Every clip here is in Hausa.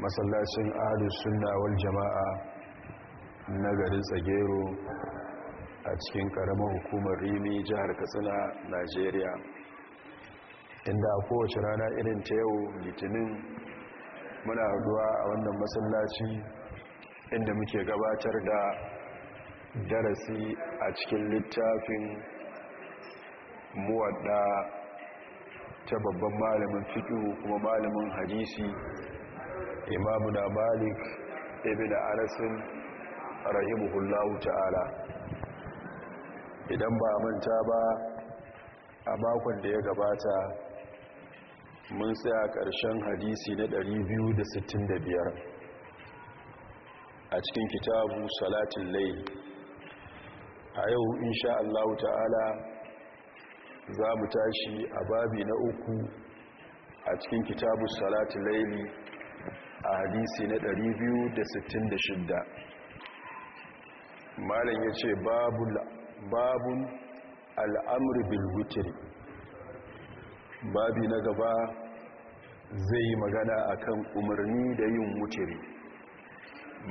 masallacin ahlus suna wal jama'a na garin tsagero a cikin karamar hukumar rimi jihar katsina najeriya inda a kowace rana irin ta yau litinin muna haduwa a wannan masallaci inda muke gabatar da darasi a cikin littafin muwadda ta babban malamin fito kuma malamin hadisi imamu na malik ibi da anasin rahimuhullahu ta'ala idan ba manta ba a makon da ya gabata mun tsaya ƙarshen hadisi na 265 a cikin kitabu salatin lai a yau insha Allah ta'ala za mu tashi a babi na uku a cikin kitabu salatin laili a hadisi na 266 malam ya ce babun al'amur bilwitir babi na gaba zai yi magana akan umarni da yin wutiri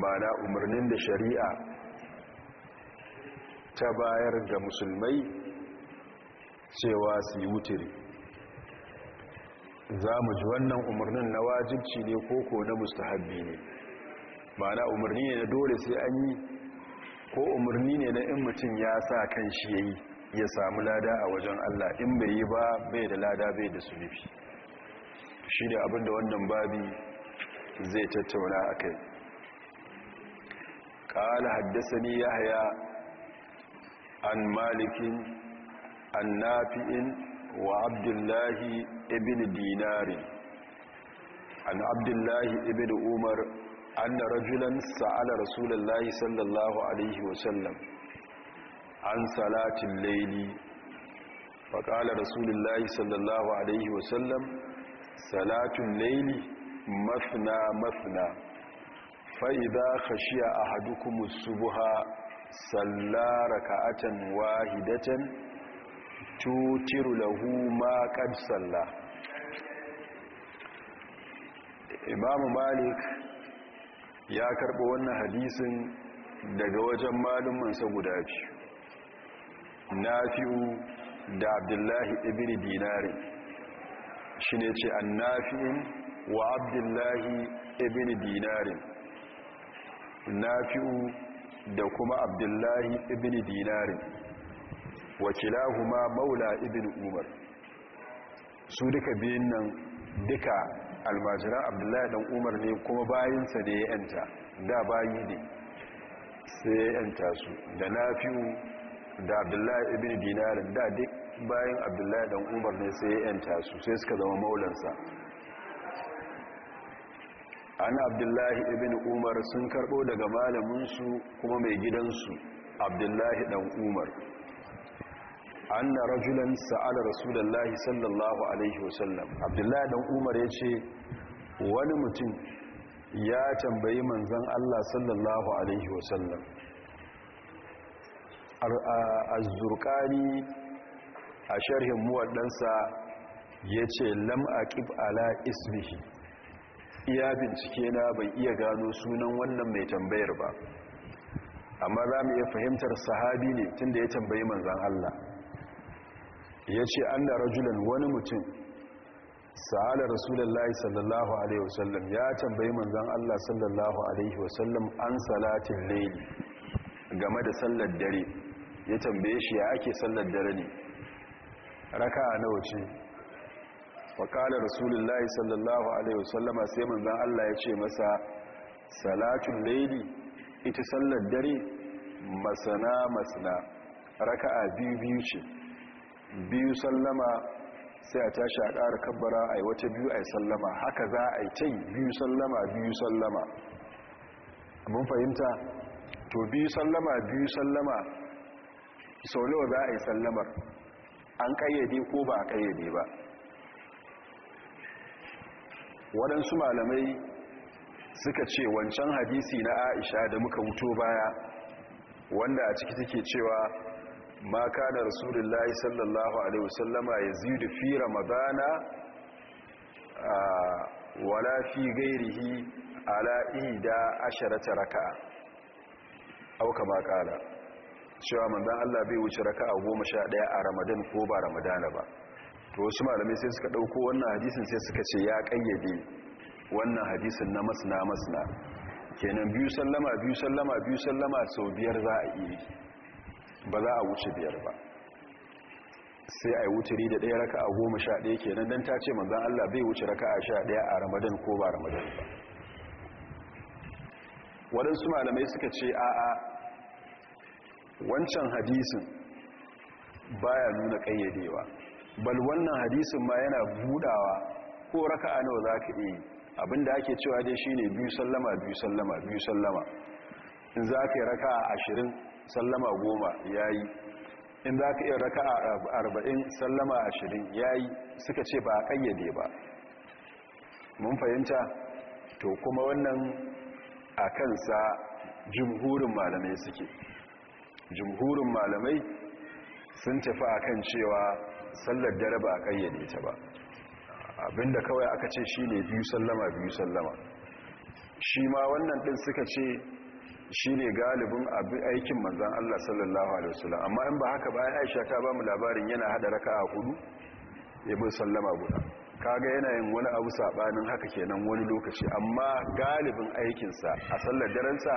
mana umarnin da shari'a ta bayar ga musulmai cewa su yi wutiri za mu ji wannan umarnin na wajibci ne koko na mustahabbi ne ma'ana umarni ne na dole sai an yi ko umarni ne na in mutum ya sa kan shi ya yi ya samu lada a wajen Allah in bai yi ba bai da lada bai da sulufi shi ne abinda wannan babi zai tattauna a kai ƙala haddasa ni ya haya an malikin an nafi'in wa abdullahi ibn dinari an abdullahi ibn umar anna rajulan sa'ala rasulullahi sallallahu alaihi wasallam an salatin laili faƙala rasulullahi sallallahu alaihi wasallam salatun laili mafna mafna fa'iza khashiya ahadukumus subha sallara ka'atan wahidatan tutiru lahu ma kad salla imam malik ya karɓi wannan hadisin daga wajen malumansa guda biyu nafi'u da abdullahi ibn dinari shine ce an annafi'in wa abdullahi ibn dinari nafi'u da kuma abdullahi ibn dinari wakilahuma maula ibn umar su duka biyun nan duka almajiran abdullahi dan umar ne kuma bayinsa da ya yanta da bayi ne sai ya yanta su da fi da abdullahi ibn dinarin da duk bayan abdullahi dan umar ne sai ya yanta su sai suka zama maulansa ana abdullahi ibn umar sun karbo daga malaminsu kuma mai gidansu abdullahi dan umar anna rajulan sa'ala rasulullahi sallallahu alaihi wasallam abdullahi dan umar ya ce wani mutum ya tambayi manzon Allah sallallahu alaihi wasallam az-zurqani a sharhin muwaddansa yace lam aqib ala ismihi iya bincike na bai iya gano sunan wannan mai tambayar ba amma za mu iya fahimtar sahabi ne tunda ya tambayi manzon Allah ya ce an da rajulan wani mutum sa'adar rasulallah sallallahu alaihi wasallam ya tambayi manzan allah sallallahu alaihi wasallam an salatin laili game da sallar dare ya tambaye shi ya ake sallar dare ne raka a nawa ce wakalar rasulullah sallallahu alaihi wasallama sai manzan allah ya ce masa salatun laili ita sallar dare masana masana raka'a biyu biyu ce biyu sallama sai a tashi a ƙara kabbara a yi wata biyu a sallama haka za a yi ta biyu sallama biyu sallama mun fahimta to biyu sallama biyu sallama sau nawa za a yi sallamar an ƙayyade ko ba a ƙayyade ba waɗansu malamai suka ce wancan hadisi na aisha da muka wuto baya wanda a ciki take cewa ma kana rasulullahi sallallahu alaihi wasallama yazidu fi ramadana wala fi gairihi ala ihda asharata raka'a aw kama kala cewa manzon Allah bai wuce raka'a 11 a ramadan ko ba ramadana ba to wasu malamai sai suka dauko wannan hadisin sai suka ce ya kayyade wannan hadisin na masna masna kenan biyu sallama biyu sallama biyu sallama sau biyar za a yi ba za a wuce biyar ba sai a yi wuturi da ɗaya raka a goma sha ɗaya kenan don ta ce manzan Allah bai wuce raka a sha ɗaya a ramadan ko ba ramadan ba waɗansu malamai suka ce a wancan hadisin baya nuna ƙayyadewa bal wannan hadisin ma yana budawa ko raka a nawa za ka iya abinda ake cewa dai shi ne biyu sallama biyu sallama biyu sallama in za ka yi raka a ashirin sallama goma ya yi in za ka iya raka a arba'in sallama ashirin ya yi suka ce ba a kayyade ba mun fahimta to kuma wannan a kansa jimhurin malamai suke jimhurin malamai sun tafi a kan cewa sallar dare ba a kayyade ta ba abinda kawai aka ce shi ne biyu sallama biyu sallama shi ma wannan ɗin suka ce shi ne galibin aikin manzan Allah sallallahu Alaihi wasallam amma in ba haka bayan aisha ta ba mu labarin yana hada raka a hudu ya sallama guda kaga yana yin wani abu saɓanin haka kenan wani lokaci amma galibin aikinsa a sallar darensa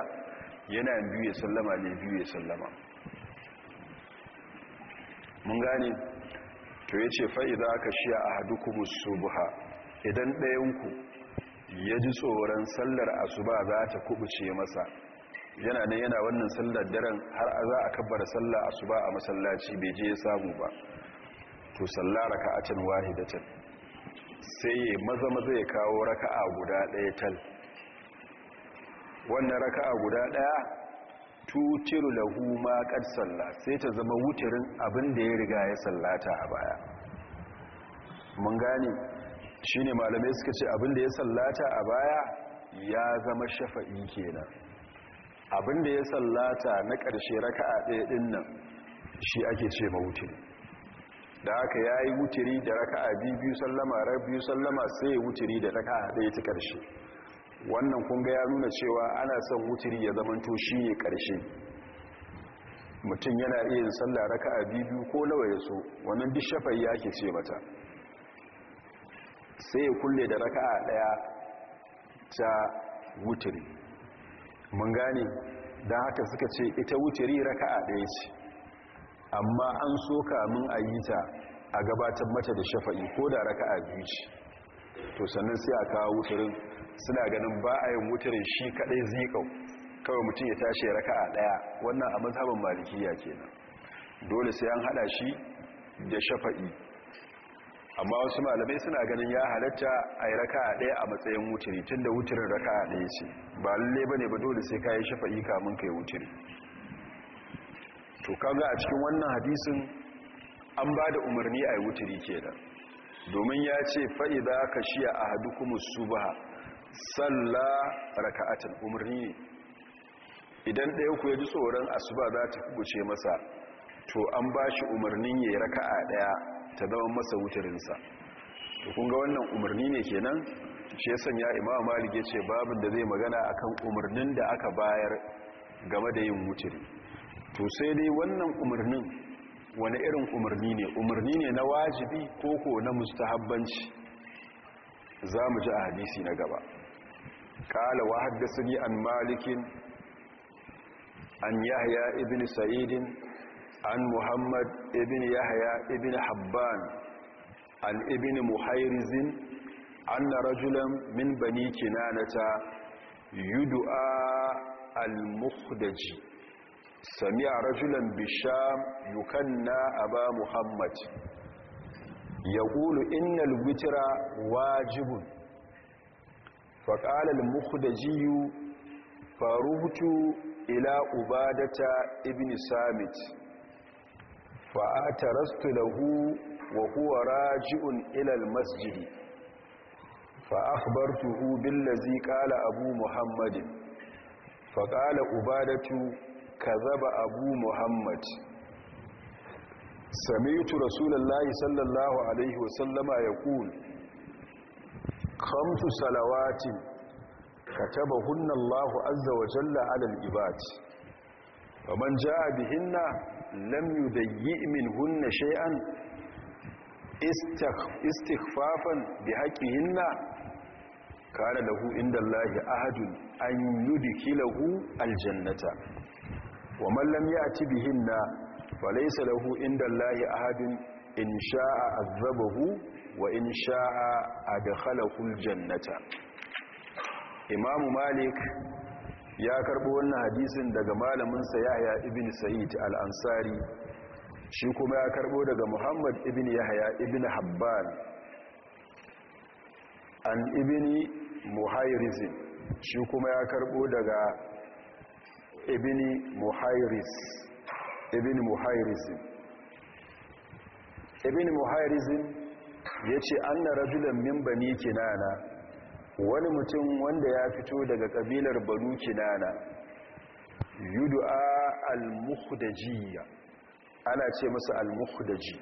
yana biyu ya sallama ne biyu ya sallama mun gane to ya ce fa'iza aka shi a hadu kuma buha idan ɗayanku ya ji tsoron sallar asuba za ta kubuce masa yana nan yana wannan sallar daren har a za a kabbara sallah ba a masallaci bai je ya samu ba to sallar sallah can wahidatan sai ya maza maza ya kawo raka'a guda ɗaya tal wannan raka'a guda ɗaya tutiru hu ma kan salla sai ta zama wutirin abin da ya riga ya sallata a baya mun gane shine malamai suka ce abin da ya sallata a baya ya zama shafa'i kenan abinda ya sallata na ƙarshe raka'a ɗaya ɗin nan shi ake ce ma da haka ya yi wutiri da raka'a biyu sallama biyu sallama sai ya wutiri da a ɗaya ta ƙarshe wannan kunga ya nuna cewa ana son wutiri ya zamanto shi ne ƙarshe mutum yana iya yin sallah raka'a biyu ko nawa ya so wannan duk shafa'i ke ce mata sai ya kulle da raka'a ɗaya ta wutiri mun gane don haka suka ce ita ka raka'a ɗaya ce amma an so min a yi ta a gabatar mata da shafa'i ko da raka'a biyu ce to sannan sai a kawo wutirin suna ganin ba a yin wuturin shi kaɗai zikau kawai mutum ya tashi raka'a ɗaya wannan a mazhabin malikiya kenan dole sai an haɗa shi da shafa'i amma wasu malamai suna ganin ya halatta a yi raka a ɗaya a matsayin wuturi tun da wuturin raka a ɗaya ce ba lalle ba ne ba dole sai ka yi shafa'i kamun ka yi wuturi to kaga a cikin wannan hadisin an ba da umarni a yi wuturi kenan domin ya ce fa'i za ka shiya a hadu kuma su ba salla raka'atin umarni ne idan ɗaya ku ya ji tsoron asuba za ta kubuce masa to an ba shi umarnin ya yi raka'a ɗaya ta zama masa wutarinsa to kun wannan umarni ne kenan shi yasan ya imam malik ya ce babin da zai magana a kan umarnin da aka bayar game da yin wuturi to sai dai wannan umarnin wani irin umarni ne umarni ne na wajibi ko ko na mustahabbanci za mu ji a hadisi na gaba haddasa ni an malikin an yahya ibn saidin. an muhammad Ibin yahya ibn habban an ibn muhairizin anna rajulan min bani kinanata yud'a al-mukhdaji sami'a rajulan bisham yukanna aba muhammad yaqulu innal witra wajibun faqala al farutu ila ubadata ibn samit da hu wa huwa raji'un ilal masjidi fa'akhbartuhu billazi ƙala abu muhammadin fa qala ubadatu kazaba abu muhammad sami'tu Rasulallah sallallahu alaihi wasallama yaqul khamsu salawatin katabahunna Allahu azza wa jalla 'alal ibadi wa man a bihinna lam yudayyi minhunna shay'an istighfafan bi haqqihinna kana lahu inda Allahi ahadun an yudkhilahu aljannata wa man lam ya'ti bihinna falaysa lahu inda Allahi ahadun in sha'a azabahu wa in sha'a adkhalahu aljannata Imam Malik ya karbo wannan hadisin daga malaminsa yahya ibn sa'id al-ansari shi kuma ya karbo daga muhammad ibn yahya ibn habban an ibn muhayriz shi kuma ya karbo daga ibn muhayriz ibn muhayriz ibn muhayriz ya ce rajulan min bani kinana wani mutum wanda ya fito daga kabilar banu kinana yudu'a al-mukhdajiyya ana ce masa al-mukhdaji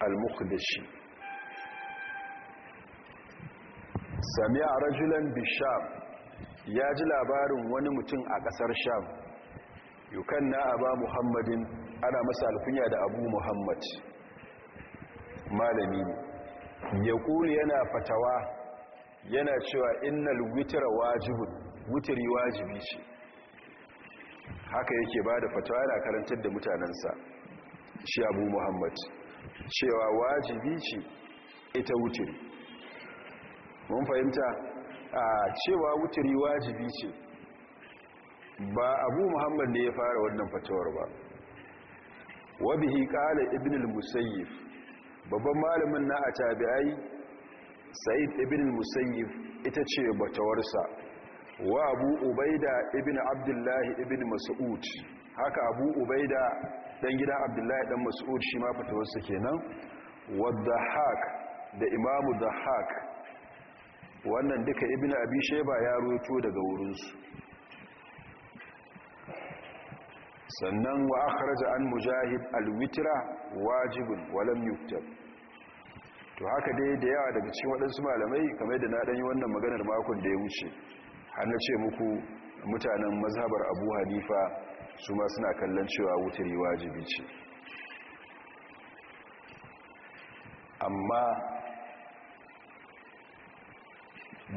al-mukhdashi sami'a rajulan bisham ya ji labarin wani mutum a kasar sham yukanna aba muhammadin ana masa alkunya da abu muhammad malami ne ya yana fatawa yana cewa innal witra wajibun witri wajibi ce haka yake bada fatawa yana karantar da mutanansa shi Abu Muhammad cewa wajibi ce ita witri mun fahimta a cewa witri wajibi ce ba Abu Muhammad ne ya fara wannan fatawar ba wabihi qala ibn al babban malamin na a tabi'ai sa'id ibn musayyib ita ce batawarsa wa abu ubaida ibn abdullahi ibn mas'ud haka abu ubaida dan gidan abdullahi dan mas'ud shi ma fatawarsa kenan wadda haq da imamu da haq wannan duka ibn abi shayba ya roto daga wurinsu sannan wa akhraja an mujahid al-witra wajibun walam yuktab to haka dai da yawa daga cikin waɗansu malamai kamar da na ɗanyi wannan maganar makon da ya wuce har na ce muku mutanen mazhabar abu hanifa su ma suna kallon cewa yi wajibi ce amma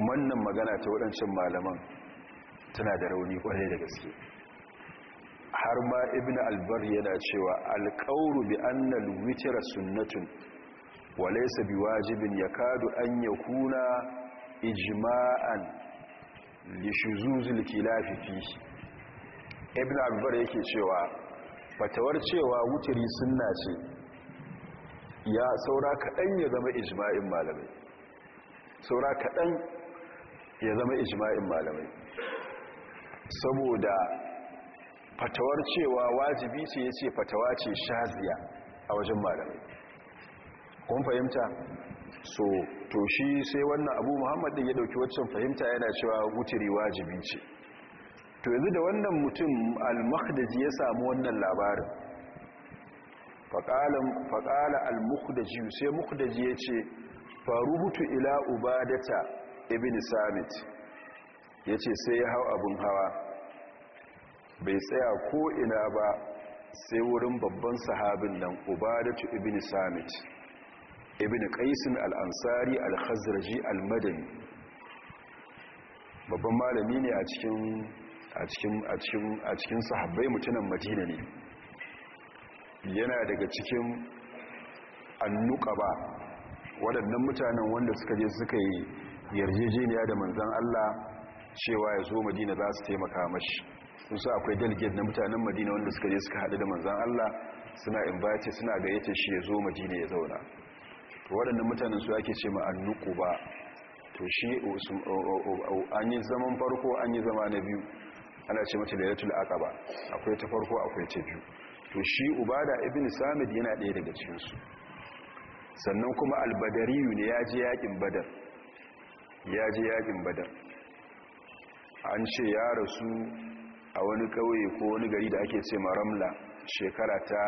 wannan magana ta waɗancan malaman tana da rauni kwarai da gaske har ma ibn albar yana cewa alƙauru bi annal witra sunnatun walaisa wajibin ya kadu an ya kuna ijima'an lishuzuzul kilafi fihi ibn yake cewa fatawar cewa wuturi sunna ce ya saura kaɗan ya zama ijma'in malamai saura kaɗan ya zama ijima'in malamai saboda fatawar cewa wajibi ce ya ce fatawa ce shaziya a wajen malamai kun fahimta so to shi sai wannan abu muhammad din ya ɗauki waccan fahimta yana cewa wutiri wajibi ce to yanzu da wannan mutum al mahdaji ya samu wannan labarin faƙala al mahdaji sai mahdaji ya ce faru hutu ila ubadata ibn samit ya ce sai ya hau abin hawa bai tsaya ko ina ba sai wurin babban sahabin nan ubadatu ibn samit ibn qaisin al-ansari al-khazraji al-madani babban malami ne a cikin a cikin a cikin a cikin sahabbai mutunan madina ne yana daga cikin annuqaba waɗannan mutanen wanda suka je suka yi yarjejeniya da manzon Allah cewa ya zo madina za su taimaka mashi kusa akwai delegate na mutanen madina wanda suka je suka haɗu da manzon Allah suna invite suna gayyata shi yazo madina ya zauna to waɗannan mutanen su ake ce ma'annuku ba to shi an yi zaman farko an yi zama na biyu ana ce mace da ya aka ba akwai ta farko akwai ta biyu to shi uba da ibn samid yana ɗaya daga cikin sannan kuma albadariyu ne ya ji yaƙin badar ya ji yaƙin badar an ce ya rasu a wani ƙauye ko wani gari da ake ce Ramla shekara ta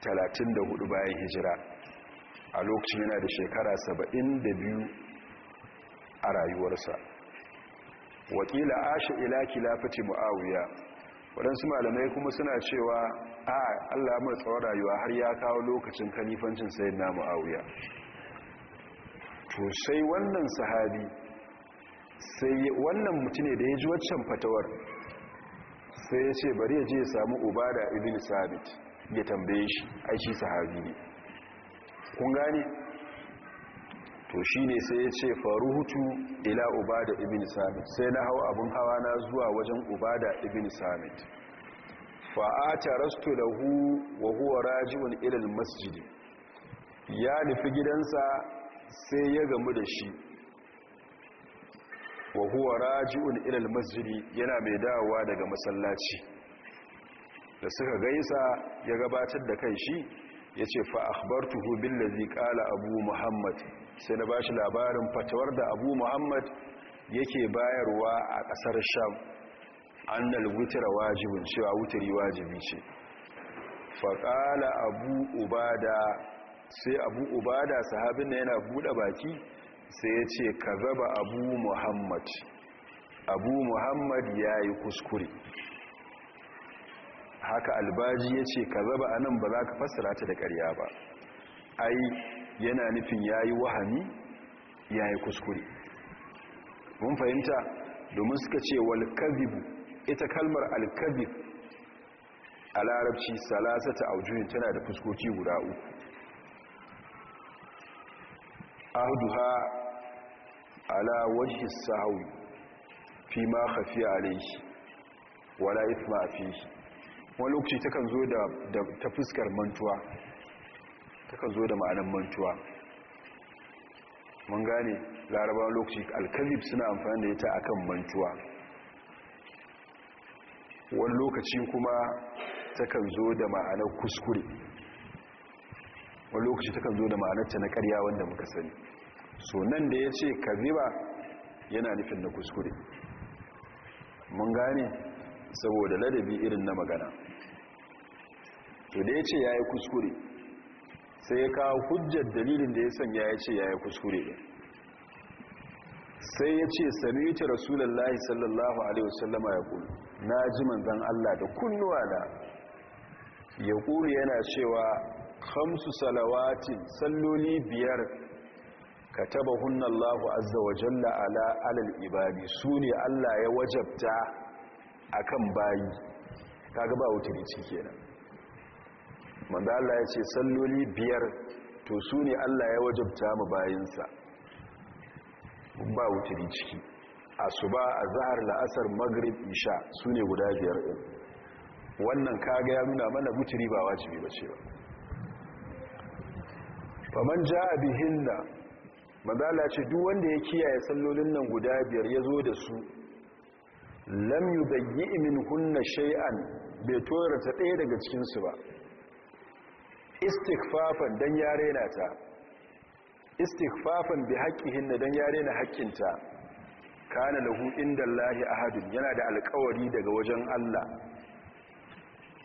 34 bayan hijira a lokacin yana da shekara saba'in da biyu a rayuwarsa wakila ashe ila kilafati mu'awiya waɗansu malamai kuma suna cewa a allah mai tsawon rayuwa har ya kawo lokacin kalifancin sayin na mu'awiya awuya. Tosai wannan sahabi sai wannan mutum ne da ya ji waccan fatawar sai ya ce bari ya je ya samu ubada ibn sabit ya tambaye shi aiki sahabi ne kun gane to shi ne sai ya ce faruhutu ila ubada ibn samit sai na hau abin hawa na zuwa wajen ubada ibn samit fa'ata rastu hu wa huwa raji'un ilil masjidi ya nufi gidansa sai ya gamu da shi wa huwa raji'un ilal masjidi yana mai dawowa daga masallaci da suka gaisa ya gabatar da kai shi ya ce fa'akbartuhu billazi ƙala abu muhammad sai na ba shi labarin fatawar da abu muhammad yake bayarwa a ƙasar sham annal wutira wajibin cewa wutiri wajibi ce faƙala abu ubada sai abu ubada sahabin na yana buɗe baki sai ya ce ka zaba abu muhammad abu muhammad ya yi kuskure haka albaji ya ce ka zaba a nan ba za ka fassara ta da karya ba ai yana nufin ya yi wahami ya yi kuskure mun fahimta domin suka ce walkazibu ita kalmar alkabib a larabci salasa salasata aujuhin tana da fuskoki guda uku ahduha ala wajhi sahwi fi ma khafiya alayhi wala ithma fihi wani lokaci takan zo da ta fuskar mantuwa takan zo da ma'anan mantuwa mun gane laraba lokaci alkalib suna amfani da ita akan mantuwa wani lokaci kuma takan zo da ma'anar kuskure wani lokaci takan zo da ma'anarta na karya wanda muka sani so nan da ya ce kaziba yana nufin na kuskure mun gane saboda ladabi irin na magana to da ya ce ya yi kuskure sai ya kawo hujjar dalilin da ya sanya ya ce ya yi kuskure ne sai ya ce sami ta rasulallah sallallahu alaihi wasallama ya kulu na ji manzan allah da kunnuwa na ya kulu yana cewa hamsu salawatin salloli biyar ka taba hunnan allahu azza wa jalla ala alal ibadi su ne allah ya wajabta a kan bayi kaga ba wuturici kenan manzo Allah ya ce salloli biyar to su ne Allah ya wajabta mu bayinsa ba wuturi ciki asuba Zahar la'asar maghrib isha su ne guda biyar din wannan kaga ya nuna mana wuturi ba wajibi ba cewa faman bihin da manzo Allah ya ce duk wanda ya kiyaye sallolin nan guda biyar ya zo da su lam yi min kunna shay'an bai toyarta ɗaya daga cikinsu ba Istikfafan don ya rena ta istighfafan bi haqqihinna dan ya rena haƙƙinta kana lahu Allahi ahadun yana da alƙawari daga wajen Allah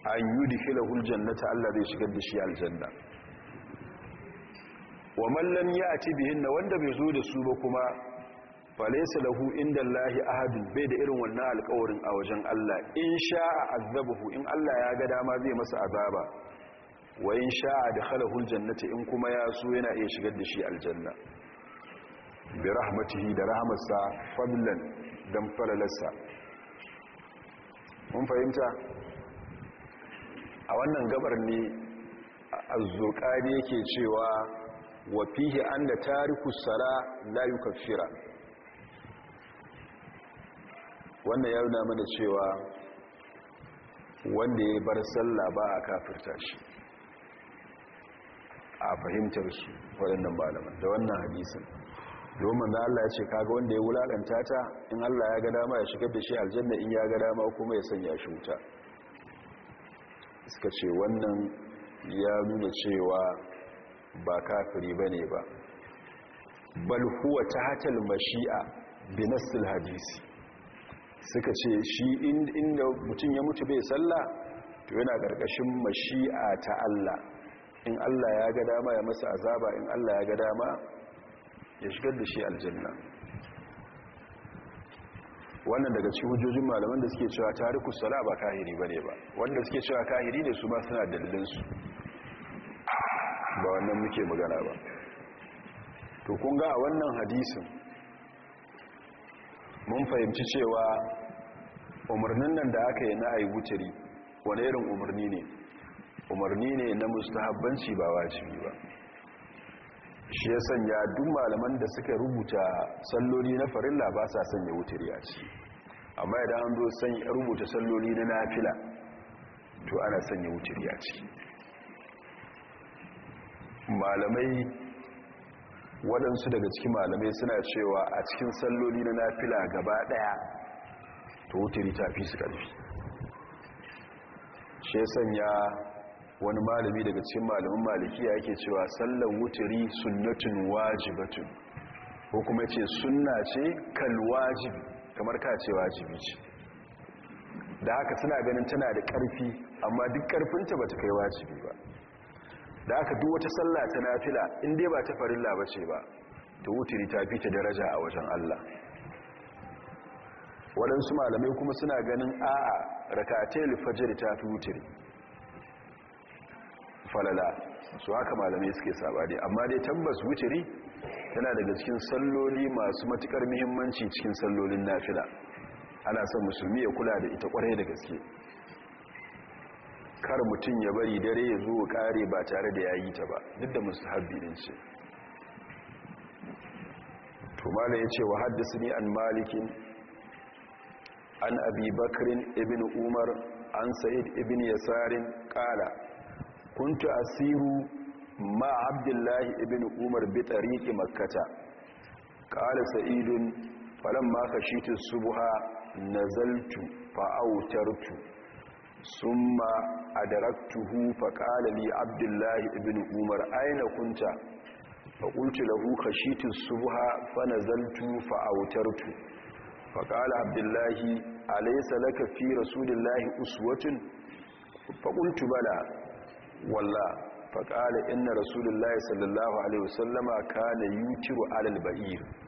an yudkhilahu aljannata Allah zai shigar da shi aljanna wa yi a tibihin na wanda bai zo da su ba kuma Falesa, lahu inda Allahi ahadin bai da irin wannan alkawarin a wajen Allah in sha'a azabuhu in Allah ya ga dama zai masa azaba wa in da dakhalahu aljannata in kuma ya so yana iya shigar da shi aljanna bi rahmatihi da rahmatsa fadlan dan falalarsa mun fahimta a wannan gabar ne azzurqani yake cewa wa fihi anna tariku sala la yukaffira wannan ya nuna mana cewa wanda ya bar sallah ba a kafirta shi a fahimtar su waɗannan malaman da wannan hadisin domin da Allah ya ce kaga wanda ya wulaƙanta ta in Allah ya ga dama ya shigar da shi aljanna in ya ga dama kuma ya sanya shi wuta suka ce wannan ya nuna cewa ba kafiri ne ba bal huwa hatal mashi'a bi nassil hadisi suka ce shi inda mutum ya mutu bai sallah to yana ƙarƙashin mashi'a ta Allah in Allah ya ga dama ya masa azaba in Allah ya ga dama ya shigar da shi aljanna wannan daga cikin hujjojin malaman da suke cewa tariku sala ba kahiri bane ba wanda suke cewa kahiri ne su ba suna dalilin su ba wannan muke magana ba to kun ga a wannan hadisin mun fahimci cewa umarnin nan da aka yi na a yi wuturi wane irin umarni ne umarni ne na mustahabbanci ba wajibi ba shi ya sanya duk malaman da suka rubuta salloli na farilla ba sa sanya wuturi a ci amma idan an zo san rubuta salloli na nafila to ana sanya wuturi a ci malamai waɗansu daga cikin malamai suna cewa a cikin salloli na nafila gaba ɗaya ta wuturi ta fi su ƙarfi shi wani malami daga cikin malamin malikiya yake cewa sallar wuturi sunnatun wajibatun ko kuma ce sunna ce kal wajibi kamar ka ce wajibi ce da haka suna ganin tana da ƙarfi amma duk ƙarfinta ba ta kai wajibi ba da aka duk wata sallah ta nafila in dai ba ta farilla ba ce ba ta wutiri ta fi ta daraja a wajen Allah waɗansu malamai kuma suna ganin a'a rakatai fajr ta fi wuturi falala su haka malamai suke sabari amma dai tabbas wutiri tana daga cikin salloli masu matukar muhimmanci cikin sallolin nafila ana son musulmi ya kula da ita kwarai da gaske kar mutum ya bari dare ya zo kare ba tare da ya yi ta ba duk da musu habbinin ce to mala ya ce wa haddasa ni an malikin an abi bakirin ibn umar an sa'id ibn yasarin kala kuntu asiru ma abdullahi ibn umar bi tariki makkata kala sa'idun falamma khashitu subha nazaltu fa'autartu Summa ma a daraktuhu faƙalali abdullahi ibn umar aina kunta faƙulci lagu kashitin subha fana zantu fa’autartu faƙala abdullahi a laisa laka fi rasulullahi uswatin faƙulci walla faƙala inna rasulullahi sallallahu alaihi wasallama ka na yi tiro alal ba'ir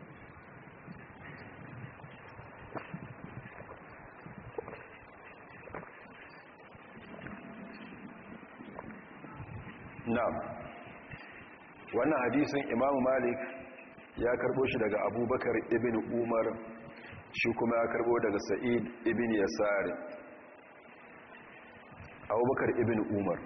na'am wannan hadisin imamu malik ya karbo shi daga abubakar ibn umar shi kuma ya karbo daga sa'id ibn yasari abubakar ibn umar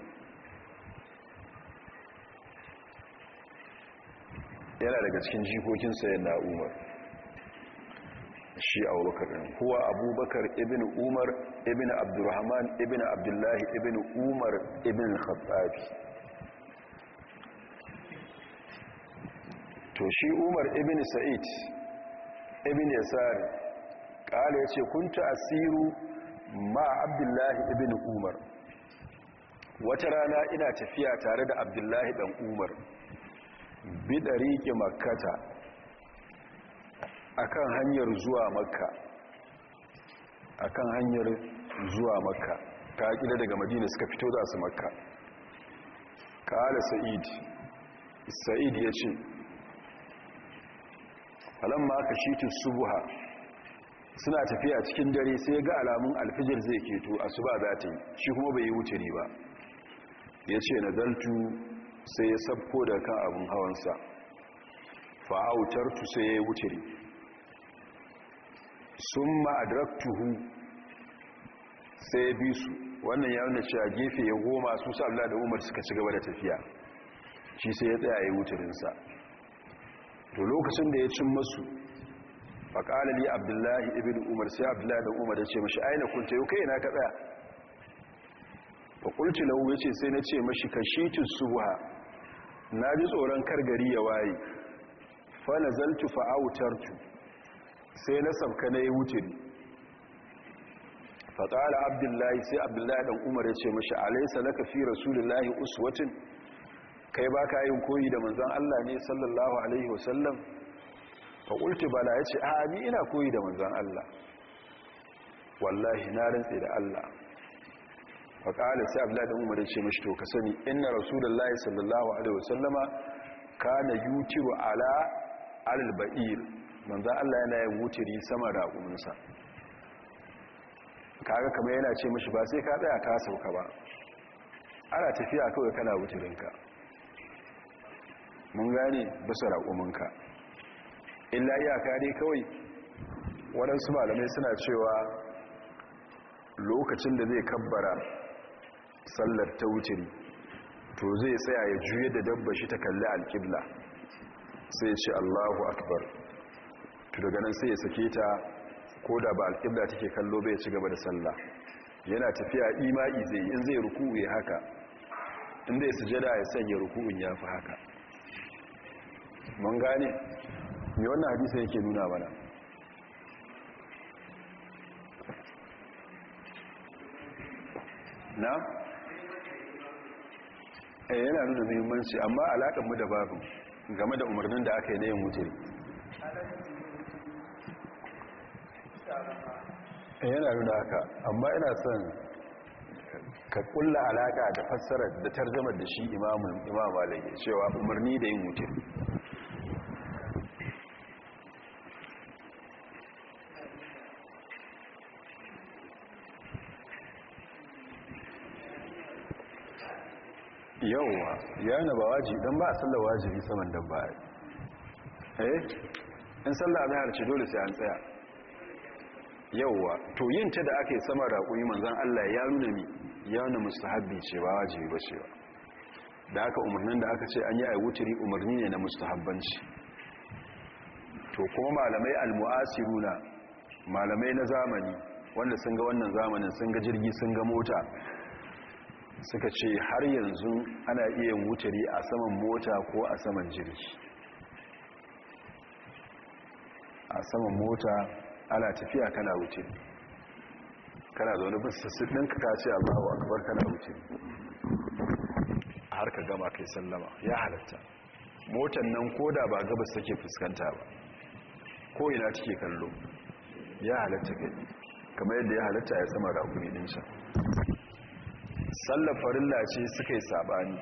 yana daga cikin jikokin sayan na umar shi abubakar ɗin kuwa abubakar ibn umar ibn Abdulrahman, ibn abdullahi ibn umar ibn khattabi to shi umar ibn sa'id ibn yasari kala ya ce kunta asiru ma abdullahi ibn umar wata rana ina tafiya tare da abdullahi dan umar bidariki makkata akan hanyar zuwa makka akan hanyar zuwa makka ta kila daga madina suka fito za su makka kala sa'id sa'id ya ce ma aka shiti subuha suna tafiya cikin dare sai ga alamun alfijir zai keto asuba za ta yi shi kuma bai yi wuce ni ba ya ce na daltu sai ya sabko da kan abin hawansa fa'autartu sai ya yi wuce ni sun ma'adraktuhu sai ya bi su wannan ya wanda cewa gefe ya goma su sa da umar suka ci gaba da tafiya shi sai ya tsaya ya yi wuturinsa to lokacin da ya cin masu faƙalar yi abdullahi ibn umar sai abdullahi da umar da ce mashi aina kunta yau kai na ka tsaya faƙulci lau ya ce sai na ce mashi su subuha na ji tsoron kar gari ya waye fana na zaltu fa'autartu sai na sauka na yi ne faƙala abdullahi sai abdullahi da umar ya ce mashi alai salaka fi rasulullahi uswatin kai ba ka yin koyi da manzan Allah ne sallallahu alaihi wasallam faƙulti bala ya ce a ni ina koyi da manzan Allah wallahi na rantse da Allah faƙalar sai abu laɗin umar ce mashi to ka sani ina rasulallah sallallahu alaihi wasallama ka na wa ala alba'ir manzan Allah yana yin wutiri sama da raƙuminsa kaga kamar yana ce mashi ba sai ka tsaya ka sauka ba ana tafiya kawai kana wutirinka mun gane bisa raƙuminka illa iyaka dai kawai waɗansu malamai suna cewa lokacin da zai kabbara sallar ta wuturi to zai tsaya ya juye da dabba shi ta kalli alƙibla sai ce allahu akbar to daga nan sai ya sake ta ko da ba alƙibla take kallo bai ci gaba da sallah yana tafiya ima'i zai in zai ruku'u ya haka in zai sujada ya sanya ruku'un ya fi haka mun gane mai wannan hadisa yake nuna mana na? e yana nuna muhimmanci amma alaƙanmu da babu game da umarnin da aka yi na yin wuturi eh, yana nuna haka amma ina son ka kulla alaƙa da fassarar da tarzamar da shi imamun imam cewa umarni da yin mutum yawwa ya yana ba wajibi don ba a sallar wajibi saman dabba ai eh in sallar abin harci dole sai an tsaya yawwa to yin ta da aka yi sama raƙumi manzan Allah ya nuna mi ya nuna mustahabbi ce ba wajibi ba ce ba da aka umarnin da aka ce an yi ai wuturi umarni ne na mustahabbanci to kuma malamai almu'asiruna malamai na zamani wanda sun ga wannan zamanin sun ga jirgi sun ga mota suka ce har yanzu ana iya mutari a saman mota ko a saman jirgi a saman mota ana tafiya kana wuce kana zaune bisa ɗinka ka ce allahu akbar kana wuce har ka gama kai sallama ya halatta motan nan koda ba gabas take fuskanta ba ko ina take kallo ya halatta kai kamar yadda ya halatta ya sama rakuni ɗinsa sallar farilla ce suka yi saɓani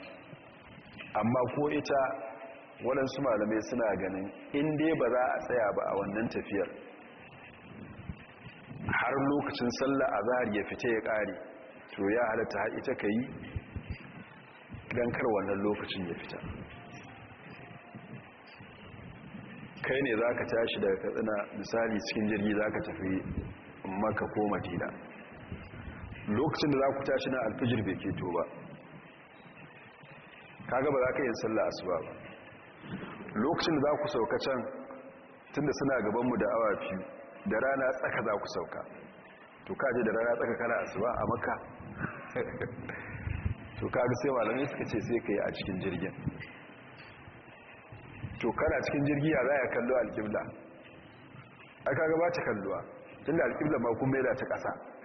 amma ko ita waɗansu malamai suna ganin inda ba za a tsaya ba a wannan tafiyar har lokacin sallar zahar ya fita ya ƙare to ya halatta har ita ka yi don kar wannan lokacin ya fita kai ne za ka tashi daga katsina misali cikin jirgi za ka tafi maka ko madina lokacin da za ku tashi na alfijir bai ke ba kaga ba za ka yi sallah asuba ba lokacin da za ku sauka can tunda suna gabanmu da awa da rana tsaka za ku sauka to kaji da rana tsaka kana asuba a maka to kaga sai malamai suka ce sai ka yi a cikin jirgin to kana cikin jirgi ya za a kallo alkibla a kaga ba ta kalluwa da alkibla ma kuma da ta kasa.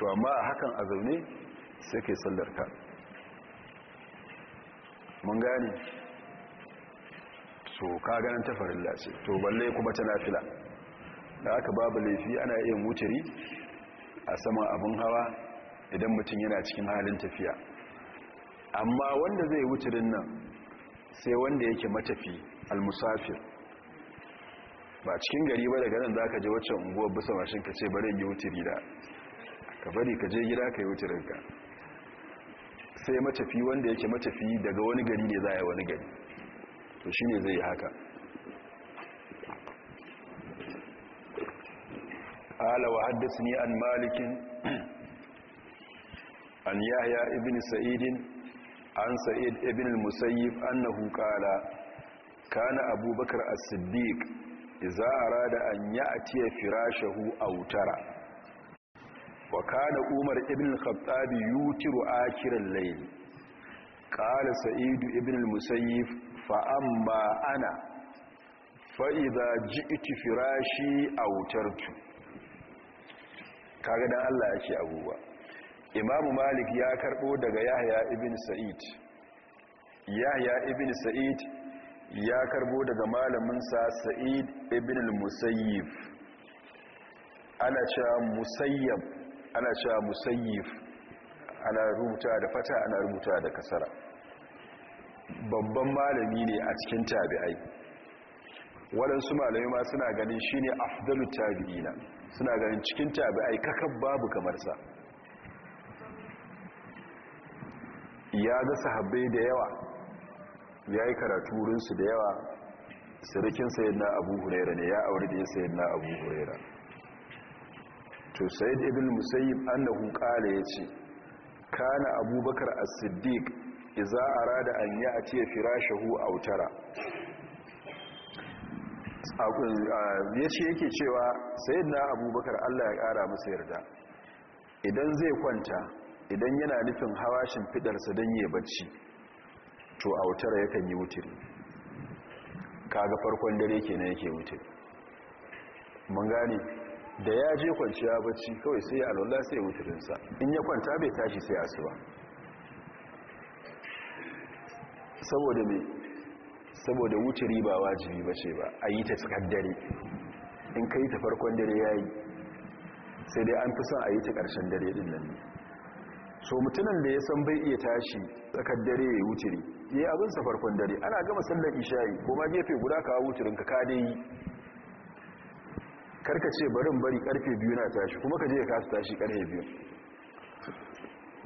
to amma a hakan a zaune sai kai ka. mun gane so ka ganin tafarin lace to balle kuma tana fila. da aka babu laifi ana iya mutari a saman abin hawa idan mutum yana cikin halin tafiya amma wanda zai wucirin nan sai wanda yake matafi almusafir ba cikin gari ba da ganin za ka je waccan unguwar bisa mashinka ka ce bari yi wuturi da ka bari ka je gida ka yi ranka sai matafi wanda yake matafi daga wani gari ne za a yi wani gari to shi ne zai yi haka ala wa haddasa ni an malikin an yaya ibn sa'idin an sa'id ibn al annahu qala kana abubakar as-siddiq idza arada an ya'tiya firashahu aw tara Wakana umar ibn al-khattabi yutiru akiral layl qala sa'id ibn al-musayyib fa amma ana fa idza ji'tu firashi awtartu kaga dan Allah ya ce abubuwa imam malik ya karbo daga yahya ibn sa'id yahya ibn sa'id ya karbo daga malaminsa sa'id ibn al-musayyib ana cewa musayyab ana cewa musayyif ana rubuta da fata ana rubuta da kasara babban malami ne a cikin tabi'ai waɗansu malami ma suna ganin shi ne afdalu tabi'ina suna ganin cikin tabi'ai kakan babu kamar sa ya ga sahabbai da yawa ya yi karatu wurinsu da yawa sirikin sayid na abu hurera ne ya auri da ya sayid na abu hurera to da ibn musayyib annahu qala yace kana abubakar as-siddiq idza arada an ya'ti firashahu aw tara yace yake cewa sayyidina abubakar Allah ya kara masa yarda idan zai kwanta idan yana nufin hawa shimfidarsa dan ya bacci to autara yakan yi wuturi kaga farkon dare kenan yake wuturi mun gane da ya je kwanciya bacci kawai sai ya alwala sai ya wuturinsa in ya kwanta bai tashi sai asuba saboda saboda wuturi ba wajibi ba ce ba a yi ta tsakar dare in ka yi ta farkon dare ya yi sai dai an fi son a yi ta ƙarshen dare ɗin nan ne so mutumin da ya san bai iya tashi tsakar dare ya yi wuturi ya yi abinsa farkon dare ana gama sallar isha'i ko ma gefe guda kawo wuturin ka ka yi karka ce barin bari karfe biyu na tashi kuma ka je ka kasa tashi karfe biyu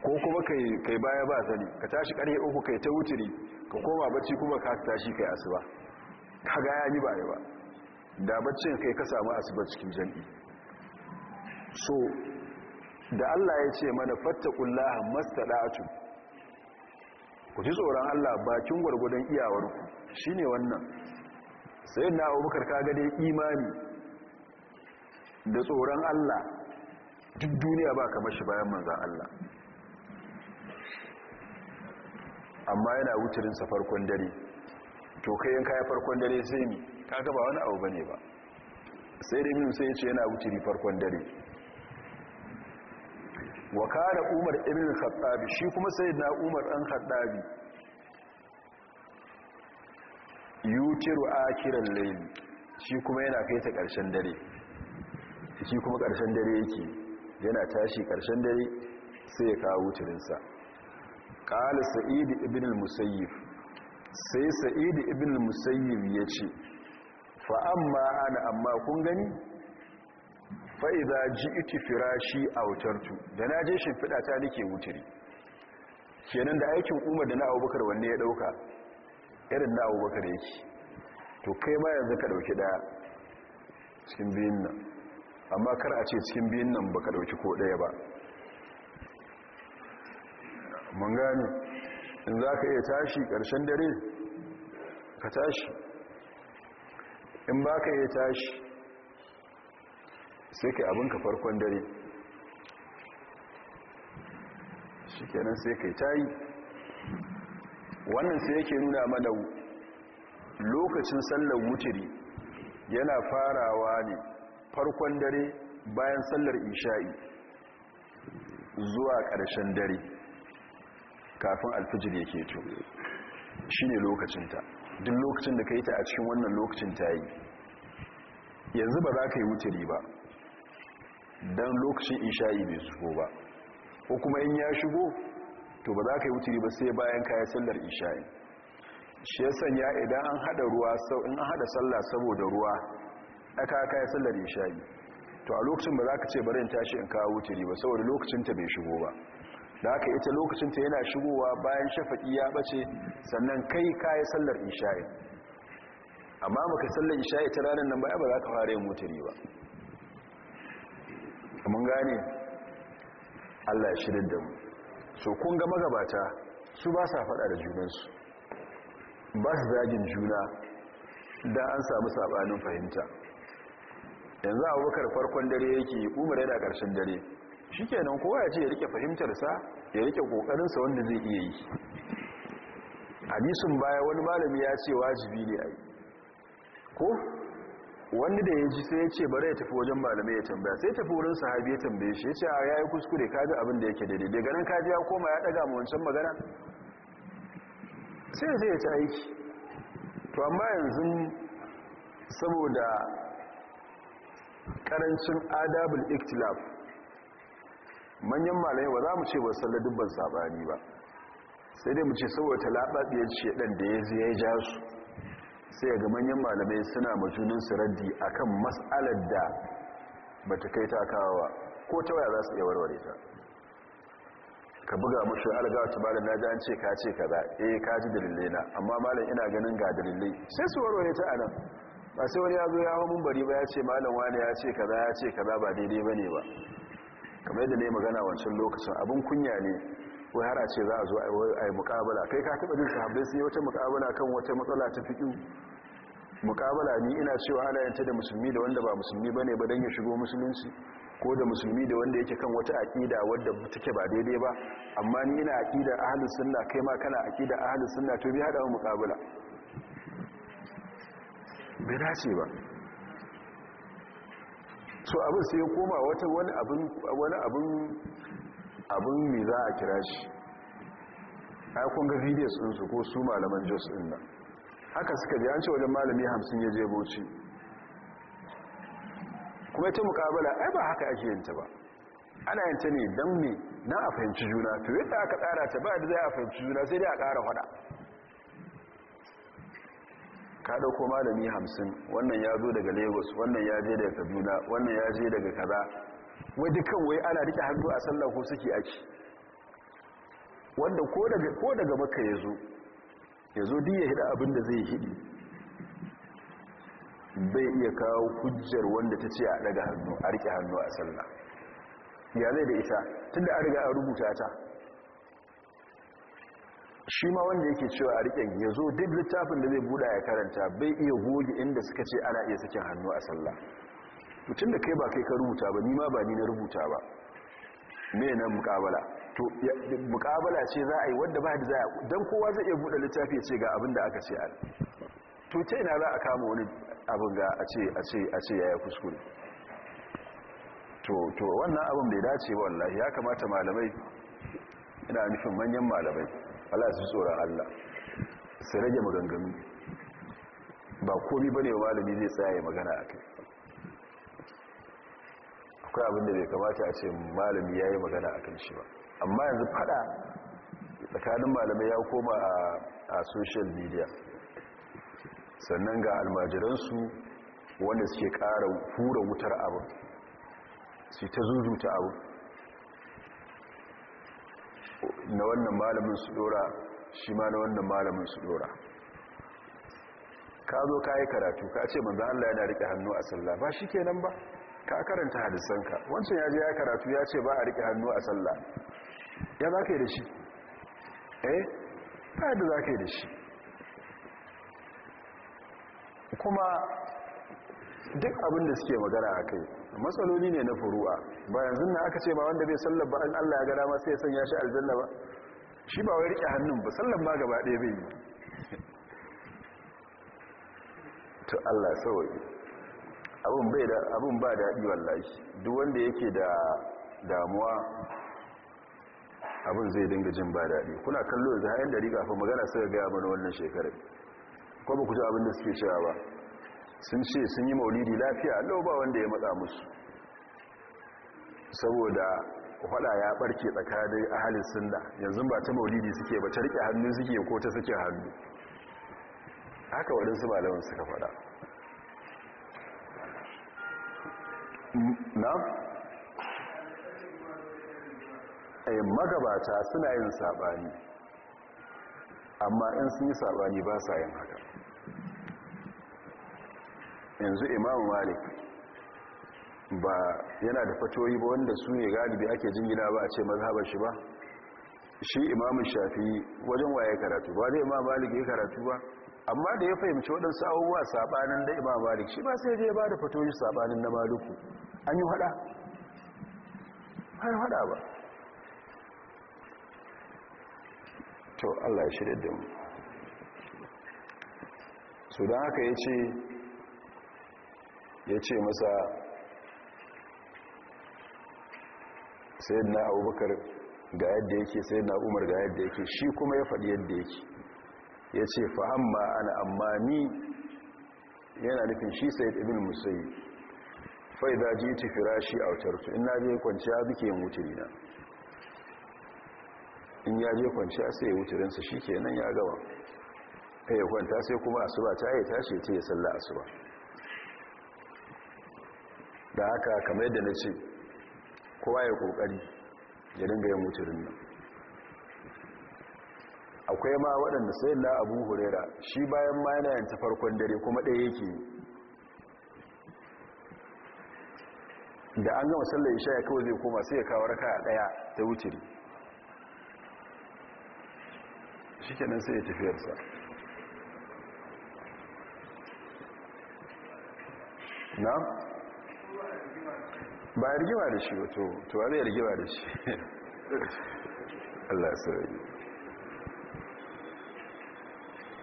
ko kuma kai baya ba sani ka tashi karfe uku kai ta wuturi ka koma bacci kuma ka tashi kai asuba ka ga ya yi ba ba da baccin kai ka samu asuba cikin jam'i so da Allah ya ce mana fattaqullaha mastada'atu ku ji tsoron Allah bakin gwargwadon iyawarku shine wannan sai na abubakar kaga dai imani da tsoron Allah duk duniya ba kamar shi bayan manzan Allah amma yana wucirinsa farkon dare to kayan kaya farkon dare sai ne kaga ba wani abu bane ba sai da min sai ce yana wuciri farkon dare wa kana umar ibn khattab shi kuma sayyidina umar dan khattabi yutiru kiran layl shi kuma yana kai ta karshen dare shi kuma ƙarshen dare yake yana tashi ƙarshen dare sai ya kawo wuturinsa ƙali sa'idu ibn al musayyif sai sa'idu ibn al-musayyib ya ce fa'amma ana amma kun gani fa'iza ji iti firashi a wutartu da na je fida ta nake wuturi kenan da aikin umar da na abubakar wanne ya ɗauka irin na abubakar yake to kai ma yanzu ka ɗauki ɗaya cikin biyun nan amma kar a ce cikin biyun nan baka dauki ko daya ba mun gane in za ka iya tashi ƙarshen dare ka tashi in ba ka iya tashi sai ka abinka farkon dare shi kenan sai ka yi tayi wannan sai yake nuna mana lokacin sallar wuturi yana farawa ne farkon dare bayan sallar isha'i zuwa ƙarshen dare kafin alfijir yake to shi ne lokacinta duk lokacin da ka yi ta a cikin wannan lokacin ta yi yanzu ba za ka yi wutari ba don lokacin isha'i bai shigo ba ko kuma in ya shigo to ba za ka yi wutari ba sai bayan kayan sallar isha'i shi ya sanya idan an hada ruwa in an hada sallah saboda ruwa aka aka sallar isha'i to a lokacin ba za ka ce bari in tashi in kawo wuturi ba saboda lokacinta bai shigo ba da haka ita lokacinta yana shigowa bayan shafaƙi ya bace sannan kai kaya sallar isha'i amma baka sallar isha'i ta ranar nan baya ba za ka fara yin wuturi ba mun gane Allah ya shirin da mu so kun ga magabata su ba sa faɗa da junansu ba su zagin juna da an samu sabanin fahimta yanzu abubakar farkon dare yake umar yana ƙarshen dare shi kenan kowa ya ce ya rike fahimtarsa ya rike ƙoƙarinsa wanda zai iya yi hadisun baya wani malami ya ce wajibi ne a yi ko wanda da ya ji sai ya ce bari ya tafi wajen malamai ya tambaya sai tafi wurin sahabi ya tambaye shi ya ce a ya yi kuskure kaji abin da yake daidai ganin kaji ya koma ya ɗaga ma wancan magana sai zai ta aiki to amma yanzu saboda karancin adabul iktilaf manyan malamai ba za mu ce ba salla dubban sabani ba sai dai mu ce saboda talabaɗiyar shedan da ya zai ja su sai ga manyan malamai suna majunin su raddi akan mas'alar da bata kai ta ko ta waya za su iya warware ta ka buga mushi algawa ta malam na, an ce ka ce kaza eh ka ji dalilai na amma malam ina ganin ga dalilai sai su warware ta anan ba sai wani ya zo ya bari ba ya ce malam wani ya ce kaza ya ce kaza ba daidai ba ne ba kamar yadda na yi magana wancan lokacin abin kunya ne wai har a ce za a zo a yi mukabala kai ka taɓa jin sahabbai sai wata mukabala kan wata matsala ta fiƙi mukabala ni ina cewa halayenta da musulmi da wanda ba musulmi ba ne ba don ya shigo musulunci ko da musulmi da wanda yake kan wata aƙida wadda take ba daidai ba amma ni ina aƙida ahlus sunna kai ma kana aƙida ahlus sunna to bi hada mu muqabala bai dace ba so abin sai ya koma wata wani abin abin mai za a kira shi kun ga videos ɗinsu ko su malaman jos ɗin nan haka suka ji an ce wajen malami hamsin ya je boci kuma ita mukabala ai ba haka ake yanta ba ana yanta ne don ne na a fahimci juna to yadda aka tsara ta ba da zai a fahimci juna sai dai a ƙara faɗa ka ɗauko malami hamsin wannan ya zo daga lagos wannan ya je daga kaduna wannan ya je daga kaza wai dukkan wai ana rike hannu a sallah ko suke aki wanda ko daga maka ya zo ya zo duk ya hida abin da zai hidi bai iya kawo hujjar wanda ta ce a daga hannu a rike hannu a sallah ya zai da ita tunda an riga a rubuta ta shi ma wanda yake cewa a riƙe ya zo duk littafin da zai buɗa ya karanta bai iya goge inda suka ce ana iya sakin hannu a sallah mutum da kai ba kai ka rubuta ba ni ma ba ni na rubuta ba me na mukabala to mukabala ce za a yi wadda ba da za a don kowa zai iya buɗe littafi ce ga abin da aka ce a to ta ina za a kama wani abin ga a ce a ce a ce yaya kuskure to to wannan abin bai dace wallahi ya kamata malamai ina nufin manyan malamai Allah su tsoron Allah su rage magangami ba komi bane ba malami zai tsaya magana a kai akwai abinda bai kamata a ce malami ya yi magana a shi ba amma yanzu fada tsakanin malamai ya koma a social media sannan ga almajiransu wanda suke kara hura wutar abin su ta zuzuta abin na wannan malamin su dora shi ma na wannan malamin su dora ka zo ka yi karatu ka ce manzan Allah yana riƙe hannu a sallah ba shi kenan ba ka karanta hadisanka wancan ya je ya karatu ya ce ba a riƙe hannu a sallah ya za ka yi da shi eh ba yadda za ka yi da shi kuma duk abin da suke magana a kai matsaloli ne na furu'a ba yanzu na aka ce ba wanda bai sallar ba an Allah ya gada masu sai ya sanya shi aljanna ba shi ba wai rike hannun ba sallar ma gaba ɗaya bai yi to Allah sauri abun bai da abun ba daɗi wallahi duk wanda yake da damuwa abin zai dinga jin ba daɗi kuna kallo yanzu hayan riga fa magana suka gaya mana wannan shekarar ko ba ku ji abin da suke cewa ba sun ce sun yi maulidi lafiya allo ba wanda ya matsa musu saboda hwada ya barke tsakanin ahalin sunna yanzu ba ta maulidi suke ba ta rike hannun suke ko ta suke hannu haka waɗansu malaman suka faɗa na eh, magabata suna yin saɓani amma in sun yi saɓani ba sa yin haka yanzu imamu malik ba yana da fatoyi ba wanda su ne galibi ake jingina ba a ce mazhabar shi ba shi imam shafi wajen waye karatu ba zai imamu malik ya karatu ba amma da ya fahimci waɗansu abubuwa sabanin da imam malik shi ba sai dai ba da fatoyi sabanin na maluku an yi hada har haɗa ba to allah ya shirya da mu su don haka ya ce ya ce masa sayyidina abubakar ga yadda yake sayyidina umar ga yadda yake shi kuma ya faɗi yadda yake ya ce fa'amma ana amma ni yana nufin shi sayyid ibn musayi fai za ji fira firashi a wutarsu in na je kwanciya duke yin wuturina in ya je kwanciya sai ya wuturinsa shi kenan ya gawa ya kwanta sai kuma asuba ta yi tashi ta yi sallah asuba da haka kamar yadda na ce kowa ya kokari ya dinga yin mutirin nan akwai ma waɗanda sai la abu hurera shi bayan ma yana yanta farkon dare kuma ɗaya yake da an gama sallar isha ya kawai zai koma sai ya kawo raka a ɗaya ta wuturi. Shikenan sai ya tafiyarsa na? ba a rigima da shi wato to ba zai rigima da shi Allah sauri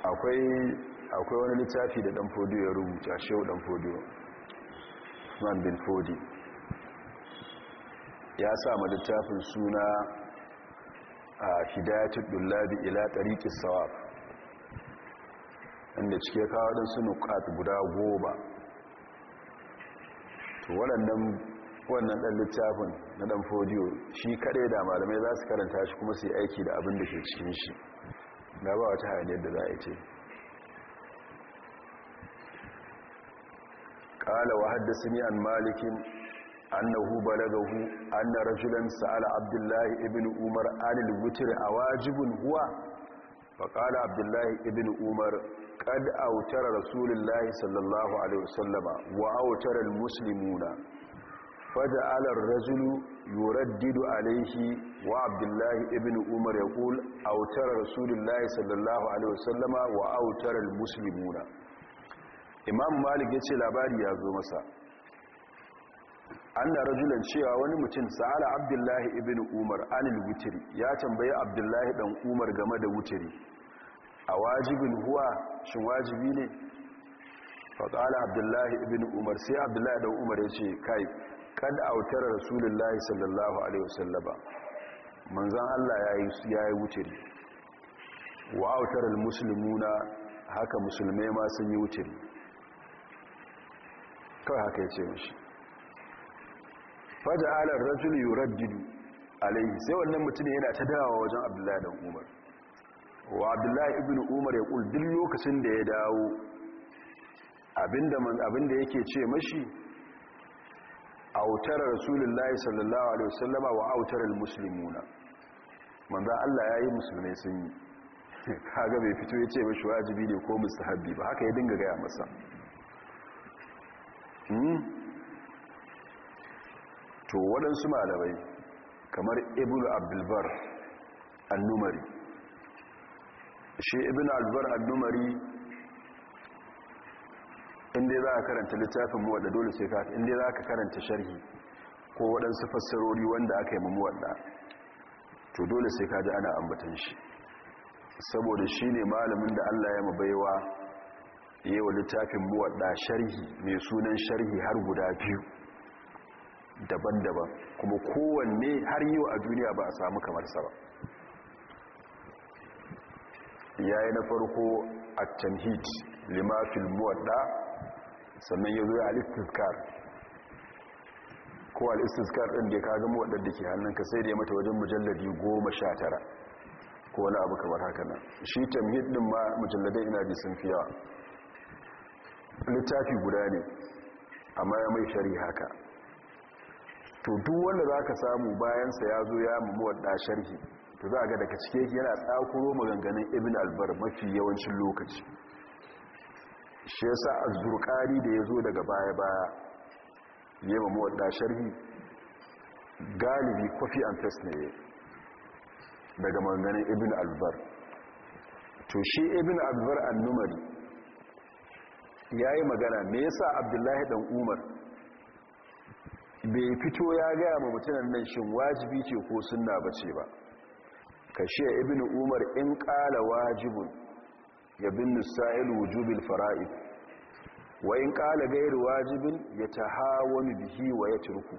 akwai akwai wani littafi da dan fodi ya rubuta shehu dan fodi man bin Fodi ya samu littafin suna a hidayatul dullabi ila tariqis sawab inda cike kawo dan su nuqat guda goma to waɗannan wannan ɗan littafin na ɗan fodiyo shi kaɗai da malamai za su karanta shi kuma su yi aiki da abin da ke cikin shi na ba wata hanyar da za a ce ƙala wa haddasa ni an malikin annahu balagahu anna rajulan sa'ala abdullahi ibn umar anil wutr awajibun huwa fa qala abdullahi ibn umar qad autara rasulullahi sallallahu alaihi wasallama wa autara almuslimuna fada alar rajulu yuraddidu alaihi wa abdullahi ibn umar yaqul autar rasulullahi sallallahu alaihi wasallama wa autar almuslimuna imam malik yace labari ya zo masa an da rajulan cewa wani mutum sa'ala abdullahi ibnu umar anil wutri ya tambayi abdullahi dan umar game da A wajibin huwa shin wajibi ne faƙala abdullahi ibn umar sai abdullahi ɗan umar ya ce kai da autar rasulullahi sallallahu alaihi wasallama manzan allah ya yi ne, wa autar musulmuna haka musulmai ma sun yi ne. kawai haka ya ce mashi faja alar rajul yuraddidu alaihi sai wannan mutum yana ta dawa wajen abdullahi ɗan umar wa abdullahi ibn umar ya ƙul duk lokacin da ya dawo abinda yake ce mashi autar rasulullahi sallallahu alaihi wasallama wa autar almuslimuna manzo Allah yayi musulmai sun yi kaga bai fito ya ce mashi wajibi ne ko mustahabbi ba haka ya dinga gaya masa hmm? to waɗansu malamai kamar ibn abdulbar annumari shi ibn albar annumari inda za a karanta littafin muwadda dole sai ka inda za ka karanta sharhi ko waɗansu fassarori wanda aka yi muwadda to dole sai ka ji ana ambatan shi saboda shi ne malamin da allah ya mabaiwa yi wa littafin muwadda sharhi mai sunan sharhi har guda biyu daban-daban kuma kowanne har yi wa a duniya ba a samu kamar sa ba ya yi na farko a tamhid limafil muwadda sannan ya zo ya alistiskar ko alistiskar ɗin da ka ga waɗanda ke hannunka sai da ya mata wajen mujalladi goma sha tara ko wani abu kamar haka nan shi tamhid ɗin ma mujalladai ina bi sun fiya littafi guda ne amma ya mai shari haka to duk wanda za ka samu bayansa ya zo ya mamu wadda sharhi to za a ga daga cike yana tsakuro maganganun ibn albar mafi yawancin lokaci shi yasa a zurkari da ya zo daga baya baya yema muwadda sharhi galibi kwafi an fes ne daga manganin ibn albar to shi ibn albar annumari ya yi magana me yasa abdullahi dan umar bai fito ya gaya ma mutunan nan shin wajibi ce ko sunna ba ce ba kashe ibn umar in kala wajibun ya binne sa'il wujubil fara'id wa in wajibin ya wajibin yatahawanu bihi wa yatruku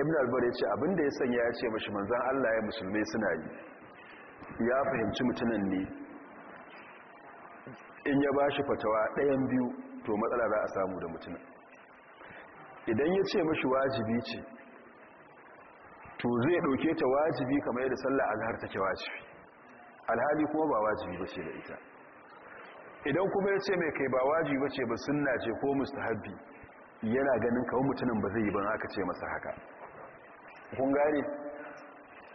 ibn albar ya ce abinda ya sanya ya ce mashi manzan Allah ya musulmai suna yi ya fahimci mutumin ne in ya ba shi fatawa ɗayan biyu to matsala za a samu da mutunan idan ya ce mashi wajibi ce to zai ɗauke ta wajibi kamar yadda sallah azhar take wajibi alhali kuma ba wajibi ba ce da ita idan kuma ya ce mai kai ba wajibi ba ce ba sunna ce ko Habi, yana ganin kawo mutunan ba zai yi ba aka ce masa haka kun gane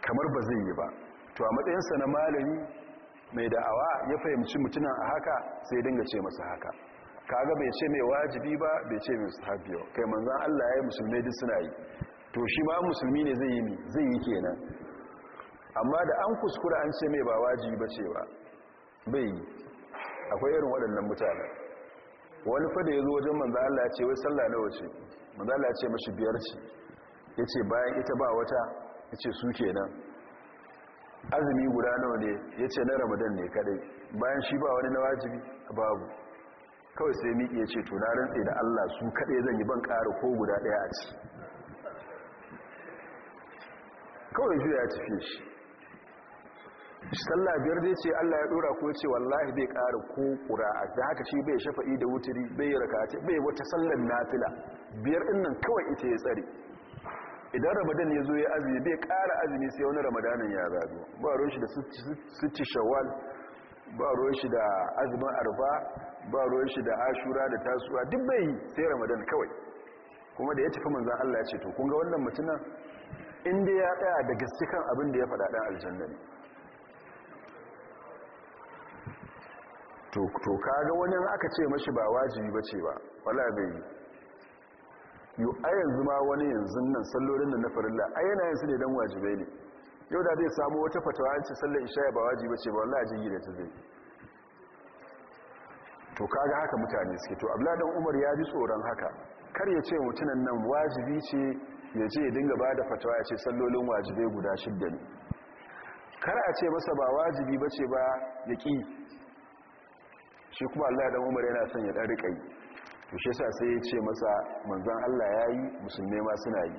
kamar ba zai yi ba to a matsayinsa na malami mai da'awa ya fahimci mutumin a haka sai dinga ce masa haka kaga bai ce mai wajibi ba bai ce mai sahabi ba kai manzan Allah ya yi musulmi duk suna yi to shi ba musulmi ne zai yi mi zai yi kenan amma da an kuskura an ce mai ba wajibi ba ce ba bai yi akwai irin waɗannan mutane wani fada ya zo wajen manza Allah ce wai sallah nawa ce manza Allah ce mashi biyar ce yace bayan ita ba wata ya ce su kenan azumi guda nawa ne Ya ce na Ramadan ne kadai bayan shi ba wani na wajibi babu kawai sai miƙi yace to na rantsa da Allah su kadai zan yi ban ƙara ko guda ɗaya a ci kawai zuwa ya tafi shi sallah biyar dai ce Allah ya dora ko ce wallahi bai kara ko a da haka shi bai shafa'i da wuturi bai rakaci, bai wata sallar nafila biyar din nan kawai ita ya tsare idan ramadan ya zo ya azumi bai ƙara azumi sai wani ramadanin ya zago ba ruwan shi da sitti shawal ba ruwan shi da azumin arfa ba ruwan shi da ashura da tasuwa duk bai yi sai ramadan kawai kuma da ya tafi manzan Allah ya ce to kun ga wannan mutumin in dai ya tsaya da gaskikan abin da ya faɗa dan aljanna ne to kaga wani aka ce mashi ba wajibi ba ce ba wala bai yi yau a yanzu ma wani yanzu nan sallolin da na farilla a yana yanzu ne don wajibai ne yau da zai samu wata fatawa yanci sallar isha ba wajibi ba ce ba wala ajiyi da ta zai to kaga haka mutane suke to abladan umar ya ji tsoron haka kar ya ce mutunan nan wajibi ce ya ce ya dinga ba da fatawa ya ce sallolin wajibai guda shidda ne kar a ce masa ba wajibi ba ce ba ya ƙi shi kuma Allah da umar yana son ya dan rika yi shi yasa sai ya ce masa manzon Allah yayi musulmai ma suna yi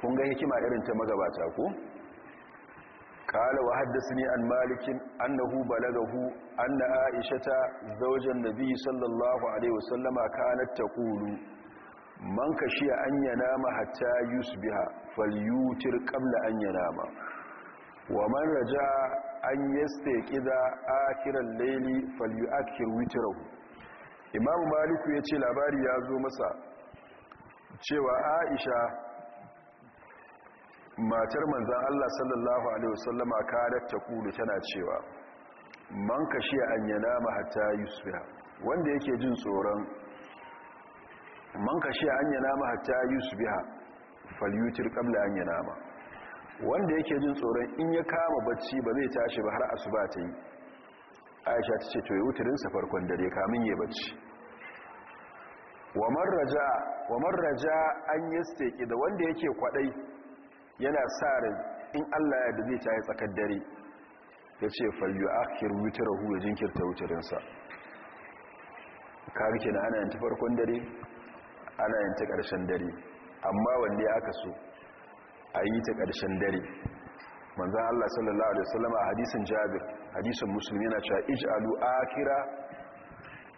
kun ga hikima irin ta magabata ko qala wa ne an malikin annahu balagahu anna aishata zawjan biyu, sallallahu alaihi wasallama kanat taqulu man kashiya an yana ma hatta yusbiha falyutir qabla an yana ma wa man raja an yaste kida akiran laili falyu'akhir witrahu imamu maliku yace labari ya zo masa cewa aisha matar manzan Allah sallallahu alaihi wasallama ta taqulu tana cewa man kashi an yanama hatta yusbiha wanda yake jin tsoron man kashi an yanama hatta yusbiha falyutir qabla an ma. wanda yake jin tsoron in ya kama bacci ba zai tashi ba har asuba ta yi aisha ta ce to ya wutarinsa farkon dare kamin ya bacci wa marraja an yi steki da wanda yake kwadai yana sa in allah ya da zai tashi tsakar dare ya ce fayu akir hu ya jinkirta wutarinsa kawai kenan ana yanta farkon dare ana yanta ƙarshen dare amma wanda ya aka so a yi ta ƙarshen dare manzan Allah sallallahu Alaihi wasallam a hadisun jabir hadisun musulmi yana cewa ij'alu akira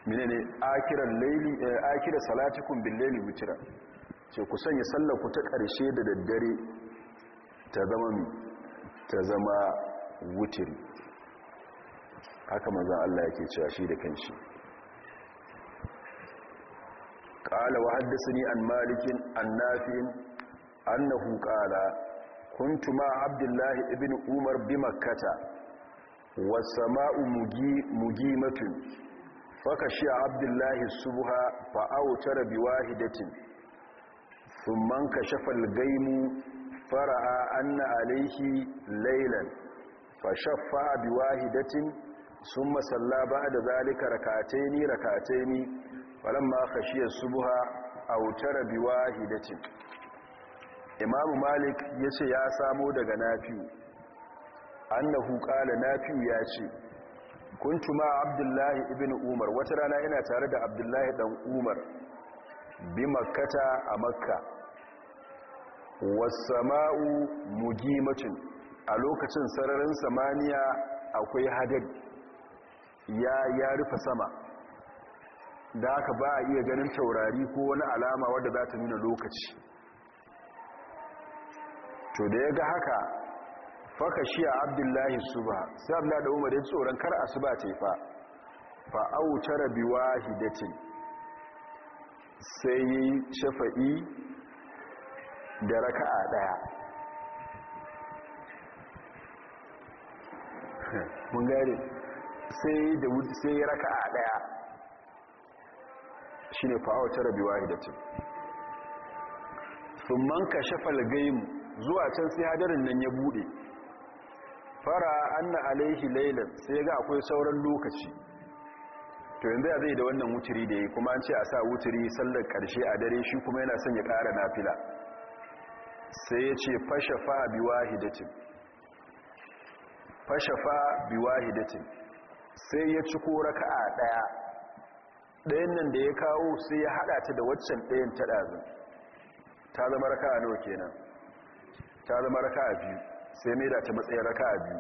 minene akiran laili eh, akira salatikun bin laili witra ce ku sanya sallar ku ta ƙarshe da daddare ta zama mi ta zama wutiri haka manzan Allah yake cewa shi da kanshi قال وحدثني عن مالك عن نافع annahu qala kuntu ma abdullahi ibn umar bi makkata was sama'u mugi mugimatun fakashi abdullahi subha fa awtara bi wahidatin thumma kashafa al-gaymu fara'a anna alayhi laylan fashaffa bi wahidatin ثم صلى بعد ذلك ركعتين ركعتين فلما خشي الصبح اوتر بواحده imamu malik ya ce ya samo daga nafiyu annahu kala nafiyu ya ce kuntu ma abdullahi ibn umar wata rana ina tare da abdullahi dan umar bi makkata a makka wasama'u mujimatin a lokacin sararin samaniya akwai hadari ya ya rufe sama da haka ba a iya ganin taurari ko wani alama wadda za ta nuna lokaci to da ya ga haka faka shi a abdullahi suba sai abu da umar ya tsoron kar a asuba ce fa fa autara biwahidatin sai yi shafa'i da raka a daya mun gare sai da wuce sai raka a daya shine fa autara biwahidatin sun manka shafal mu. zuwa can sai hadarin nan ya bude fara anna alaihi laylan sai ga akwai sauran lokaci to yanzu ya zai da wannan wuturi da yi kuma an ce a sa wuturi sallar karshe a dare shi kuma yana son ya ƙara nafila sai ya ce fashafa bi wahidatin fashafa bi wahidatin sai ya ci ko raka'a daya Ɗayannan nan da ya kawo sai ya haɗa ta da waccan ɗayan ta dazu ta zama raka'a nawa kenan ta zama raka a biyu sai mai da ta matsayin raka a biyu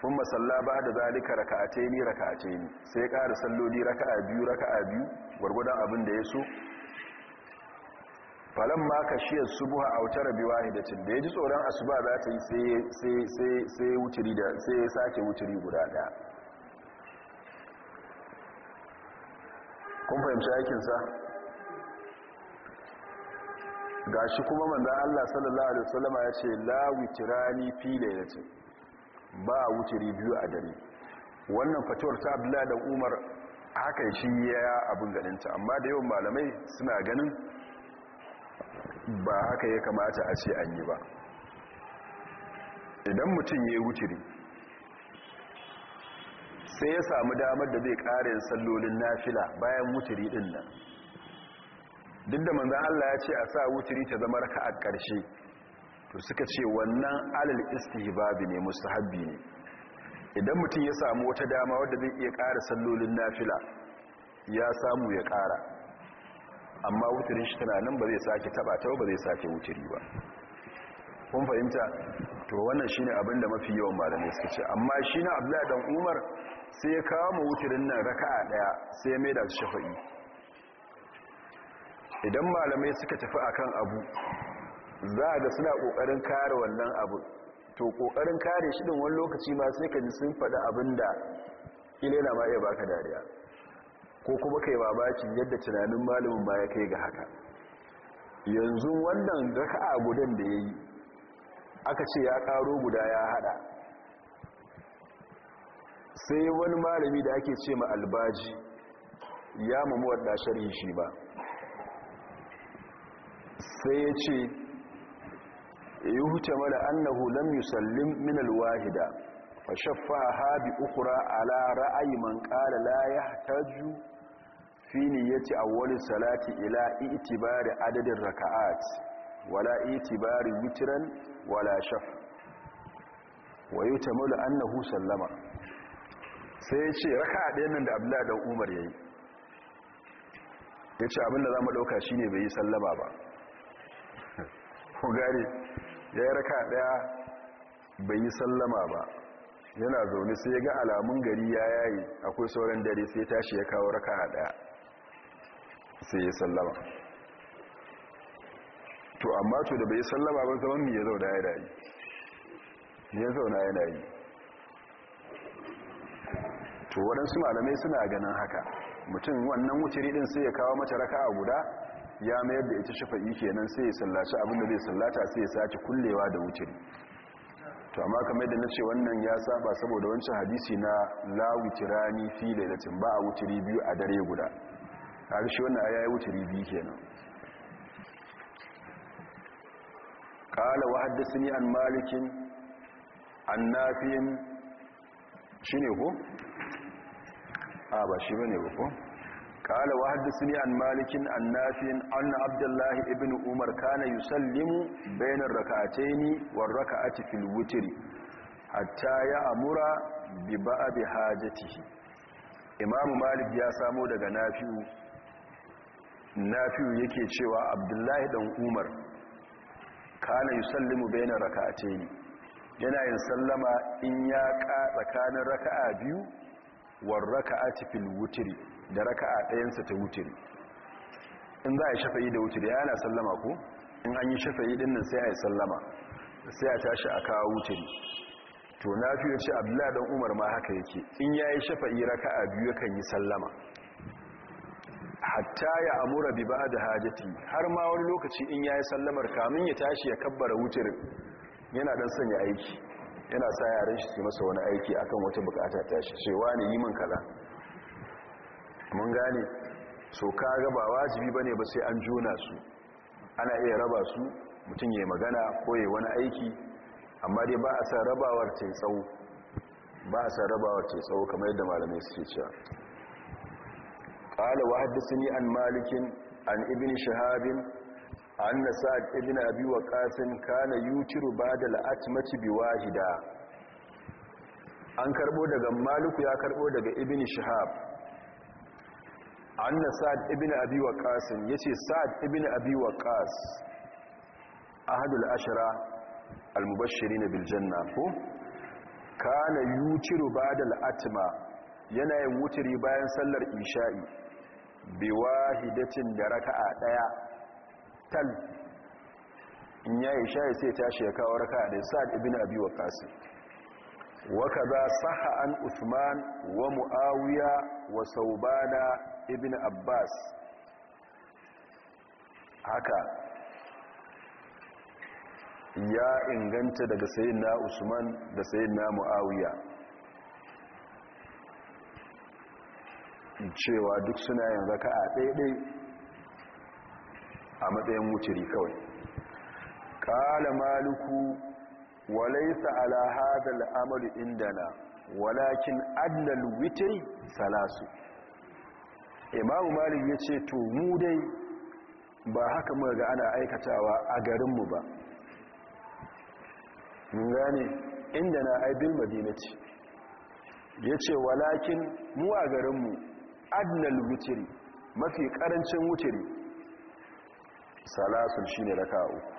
kun masalla ba da zalika raka a taini raka a taini sai ya ƙara salloli raka a biyu raka a biyu gwargwadon abin da ya so falon ma ka su buha a wuta rabi hidacin da ya ji tsoron asuba za ta yi sai ya sake wuturi guda ɗaya kun fahimci aikinsa Ga shi kuma manzan Allah sallallahu alaihi wasallama ya ce la witrani fi ce, ba wuturi biyu a dare wannan fatuwar ta Abdullah da Umar hakan shi ya abin ganinta amma da yawan malamai suna ganin ba haka ya kamata a ce an yi ba idan mutum ya yi sai ya samu damar da zai ƙara sallolin nafila bayan wuturi ɗin nan duk da manzan Allah ya ce a sa wuturi ta zama raka a ƙarshe to suka ce wannan alal istihbabi ne mustahabbi ne idan mutum ya samu wata dama wadda zai iya ƙara sallolin nafila ya samu ya ƙara amma wuturin shi tana nan ba zai sake taba ta ba zai sake wuturi ba kun fahimta to wannan shine abin da mafi yawan malamai suka ce amma shi na abdullahi dan umar sai ya kawo mu wuturin nan raka'a ɗaya sai ya maida shafa'i idan malamai suka tafi akan abu za a ga suna ƙoƙarin kare wannan abu to ƙoƙarin kare shi ɗin wani lokaci ma sai ka ji sun faɗi abin da ƙila ma iya baka dariya ko kuma kai babacin yadda tunanin malamin ma ya kai ga haka yanzu wannan raka'a gudan da ya yi aka ce ya ƙaro guda ya haɗa sai wani malami da ake ce ma albaji ya mamuwar ɗashar shi ba sai ya ce yi huce mana annahu lam yusallim min alwahida fa shaffa habi ukura ala ra'ayi man qala la yahtaju fi niyyati awwal salati ila itibari adadin raka'at wala itibari witran wala shaf wa yutamalu annahu sallama sai ya ce raka'a ɗayan nan da abdullahi dan umar yayi ya ce abinda za mu ɗauka shi ne bai yi sallama ba ku gane ya yi raka daya bai yi sallama ba yana zaune sai ya ga alamun gari ya yayi akwai sauran dare sai tashi ya kawo raka daya sai ya sallama to amma to da bai yi sallama ba zaman mu ya zauna yana yi ya zauna ya dayi to waɗansu malamai suna ganin haka mutum wannan wuciri ɗin sai ya kawo mace raka a guda ya mayar da ita shafa'i kenan sai ya sallaci abin da zai sallata sai ya sace kullewa da wuturi to amma kamar da ce wannan ya saba saboda wancan hadisi na la wutirani fi lailatin ba a wuturi biyu a dare guda har shi wannan ayayi wuturi biyu kenan qala wa haddathani an malikin an nafi'in shine ko a ba shi bane ba ko قال وحدثني عن مالك عن نافع عن عبد الله ابن عمر كان يسلم بين الركعتين والركعه في الوتر حتى يأمر ببعض حاجته امام مالك يا سامو daga Nafi'u Nafi'u yake cewa Abdullahi dan Umar kana yusallimu baina rak'atayn yana yin sallama in ya ka tsakanin raka'a biyu war raka'ati fil wutri da raka'a ɗayansa ta wuturi. in za a yi shafa'i da wuturi ya yana sallama ko in an yi shafa'i ɗin nan sai a yi sallama sai a tashi a kawo wuturi. to na fi yace abdullahi don umar ma haka yake in ya yi shafa'i raka'a biyu kan yi sallama hatta ya amura bi da hajati har ma wani lokaci in ya yi sallamar kamun ya tashi ya kabbara wutir yana dan sanya aiki yana sa yaran shi su masa wani aiki akan wata bukata tashi cewa ne yi min kaza mun gane so kaga ba wajibi bane ba sai an juna su ana iya raba su mutum ya magana ko ya wani aiki amma dai ba a san rabawar ta tsawo ba a san rabawar kamar yadda malamai suke cewa qala wa haddathani an malikin an ibn shahabin an sa'ad ibn abi waqas kana yutiru da atmati biwahida an karbo daga maliku ya karbo daga ibn shahab anna sa'ad ibn abi waqas yace sa'ad ibn abi waqas ahadul ashra al-mubashirin bil janna ko kana yutiru ba'da atma yana yin wutiri bayan sallar isha'i bi wahidatin da raka'a daya tal in ya isha'i sai tashi ya kawo raka'a da sa'ad ibn abi waqas wa kaza sahha an usman wa muawiya wa saubana ibn abbas haka ya inganta daga sayin na usman da sayin na mu'awiya cewa duk suna yin raka a ɗaiɗai a matsayin wuciri kawai ƙala maluku walaisa ala hadal amalu indana walakin adnal witri salasu imamu malik ya ce to mu dai ba haka muka ga ana aikatawa a garinmu ba mun gane inda na aibin ce. ya ce walakin mu a garinmu adnal wutiri mafi karancin wutiri salasun shi ne raka uku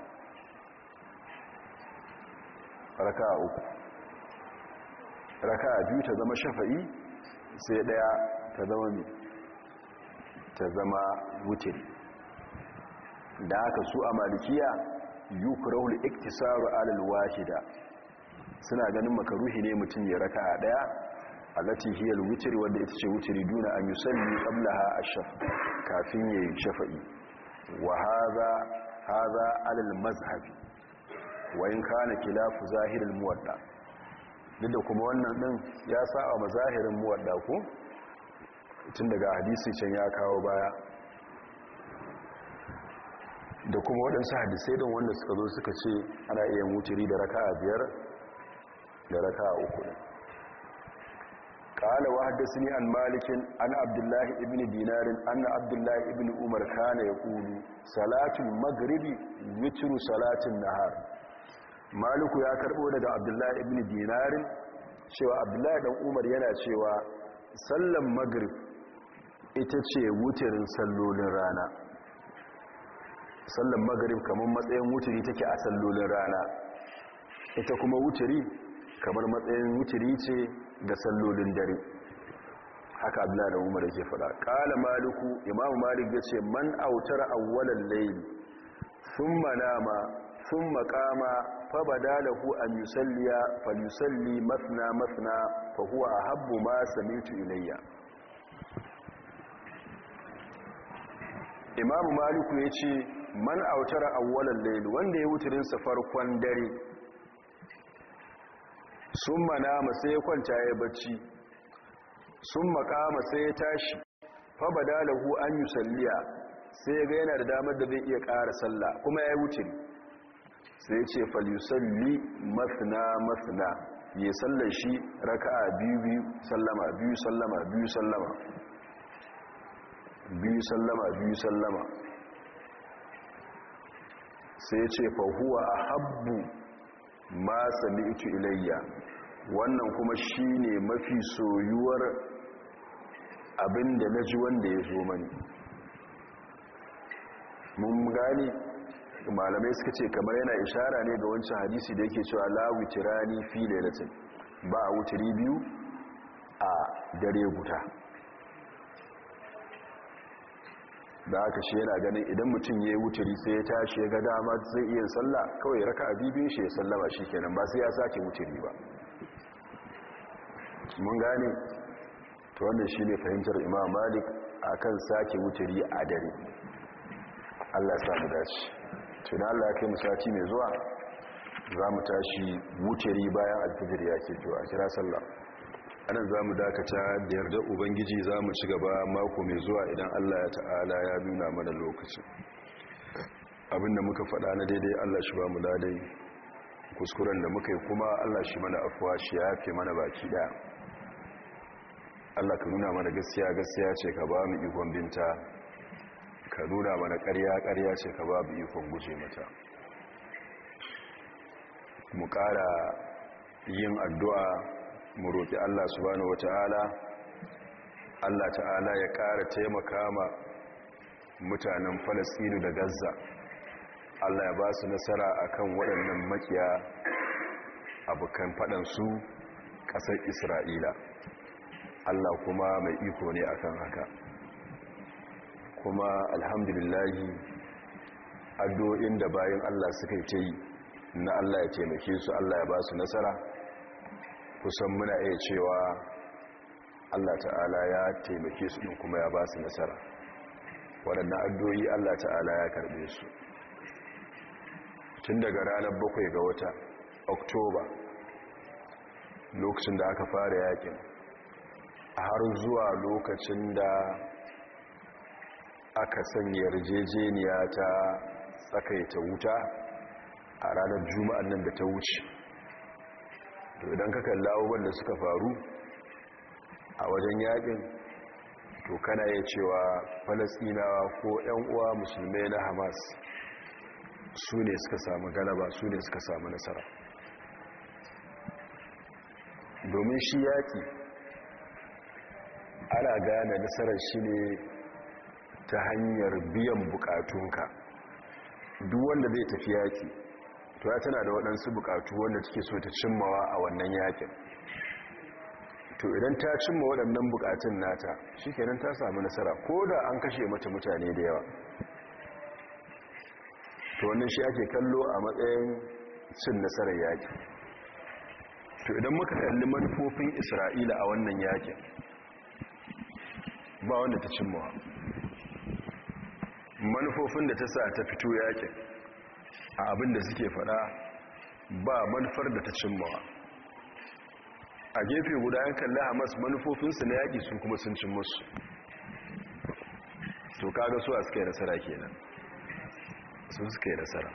raka uku raka biyu ta zama shafa'i sai daya ta zama mai ta zama wutir da haka su a malikiya yukurahul iktisaru alal wahida suna ganin makaruhi ne mutum ya raka a daya a hiya al wanda ita ce witri duna an yusalli qablaha ash-shaf kafin yayi shafa'i wa hadha hadha ala mazhabi wa in kana khilafu zahir muwadda duk da kuma wannan din ya sa saba mazahirin muwadda ko tun daga hadisi can ya kawo baya da kuma waɗansu hadisai don wanda suka zo suka ce ana iya mutiri da raka a biyar da raka a uku ƙala wa haddasa ni an malikin an abdullahi ibn dinarin an abdullahi ibn umar kana ya ƙuni salatin magribi witiru salatin nahar maliku ya karɓo daga abdullahi ibn dinarin cewa abdullahi ɗan umar yana cewa sallan magrib ita ce wutirin sallolin rana sallan magarib kamar matsayin wutiri take a sallolin rana ita kuma wutiri kamar matsayin wutiri ce ga sallolin dare haka abdullahi da umar yake fada kala maliku Imam malik ya ce man autar awwalan layli thumma nama thumma qama fa badalahu an yusalliya falyusalli mathna mathna fa huwa ahabbu ma sami'tu ilayya imamu maliku ya ce man autara awwalar laili wanda ya wuturinsa farkon dare sun mana sai ya kwanta ya bacci sun maka sai ya tashi fabada hu an yi salliya sai ga yana da damar da zai iya ƙara sallah kuma ya yi wuturi sai ce falusalli mafina mafina ya sallar shi raka'a biyu biyu sallama biyu sallama biyu sallama biyu sallama biyu sallama sai ya ce fahuwa a habbu ma sami iki ilayya wannan kuma shi ne mafi soyuwar abinda na ji wanda ya zo mani mun gani malamai suka ce kamar yana ishara ne ga wancan hadisi da yake cewa lawi tirani fi lailatin ba a wuturi biyu a dare guta da aka shi yana ganin idan mutum ya yi wuturi sai ya tashi ya ga dama zai iya salla kawai raka a bibin shi ya sallama shi kenan ba sai ya sake wuturi ba mun gane to wannan shi ne fahimtar imam malik a kan sake wuturi a dare allah mu dace na allah kai musati mai zuwa za mu tashi wuturi bayan alfijir ya ke a kira sallah anan za mu dakata da yarda ubangiji za mu ci gaba mako mai zuwa idan allah ya ta'ala ya nuna mana lokaci abinda muka faɗa na daidai allah shi ba mu ladai kuskuren da muka yi kuma allah shi mana afuwa shi ya fi mana baki ɗaya allah ka nuna mana gaskiya gaskiya ce ka ba mu ikon binta ka nuna mana ƙarya ƙarya ce ka ba mu ikon guje mata mu ƙara yin addu'a mu roƙi Allah subhanahu wata'ala Allah ta'ala ya ƙara taimaka ma mutanen Falasɗinu da Gaza Allah ya ba su nasara akan waɗannan makiya abokan su ƙasar Isra'ila Allah kuma mai iko ne akan haka kuma alhamdulillahi addu'o'in da bayan Allah suka yi ta yi na Allah ya taimake su Allah ya ba su nasara kusan muna iya cewa allah ta'ala ya taimake su kuma ya ba su nasara waɗanda addoyi allah ta'ala ya karbe su tun daga ranar bakwai ga wata oktoba lokacin da aka fara yakin har zuwa lokacin da aka sanya yarjejeniya ta tsakaita wuta a ranar juma'an nan da ta wuce to idan ka kalla abubuwan da suka faru a wajen yaƙin, to kana ya cewa falasinawa ko 'yan uwa musulmai na hamas su ne suka samu galaba su ne suka samu nasara domin shi yaki ana gane nasarar shi ne ta hanyar biyan bukatunka duk wanda zai tafi yaki to ya tana da waɗansu buƙatu wanda take so ta cimmawa a wannan yakin to idan ta cimma waɗannan buƙatun nata shi kenan ta samu nasara ko da an kashe mata mutane da yawa to wannan shi ake kallo a matsayin cin nasarar yakin. to idan muka kalli manufofin isra'ila a wannan yakin, ba wanda ta cimmawa manufofin da ta sa ta fito yakin. a abin da suke fada ba manufar da ta cimmawa a gefe guda yan kalli hamas manufofinsu na yaƙi sun kuma sun cin musu to kaga su a suka yi nasara kenan su suka yi nasara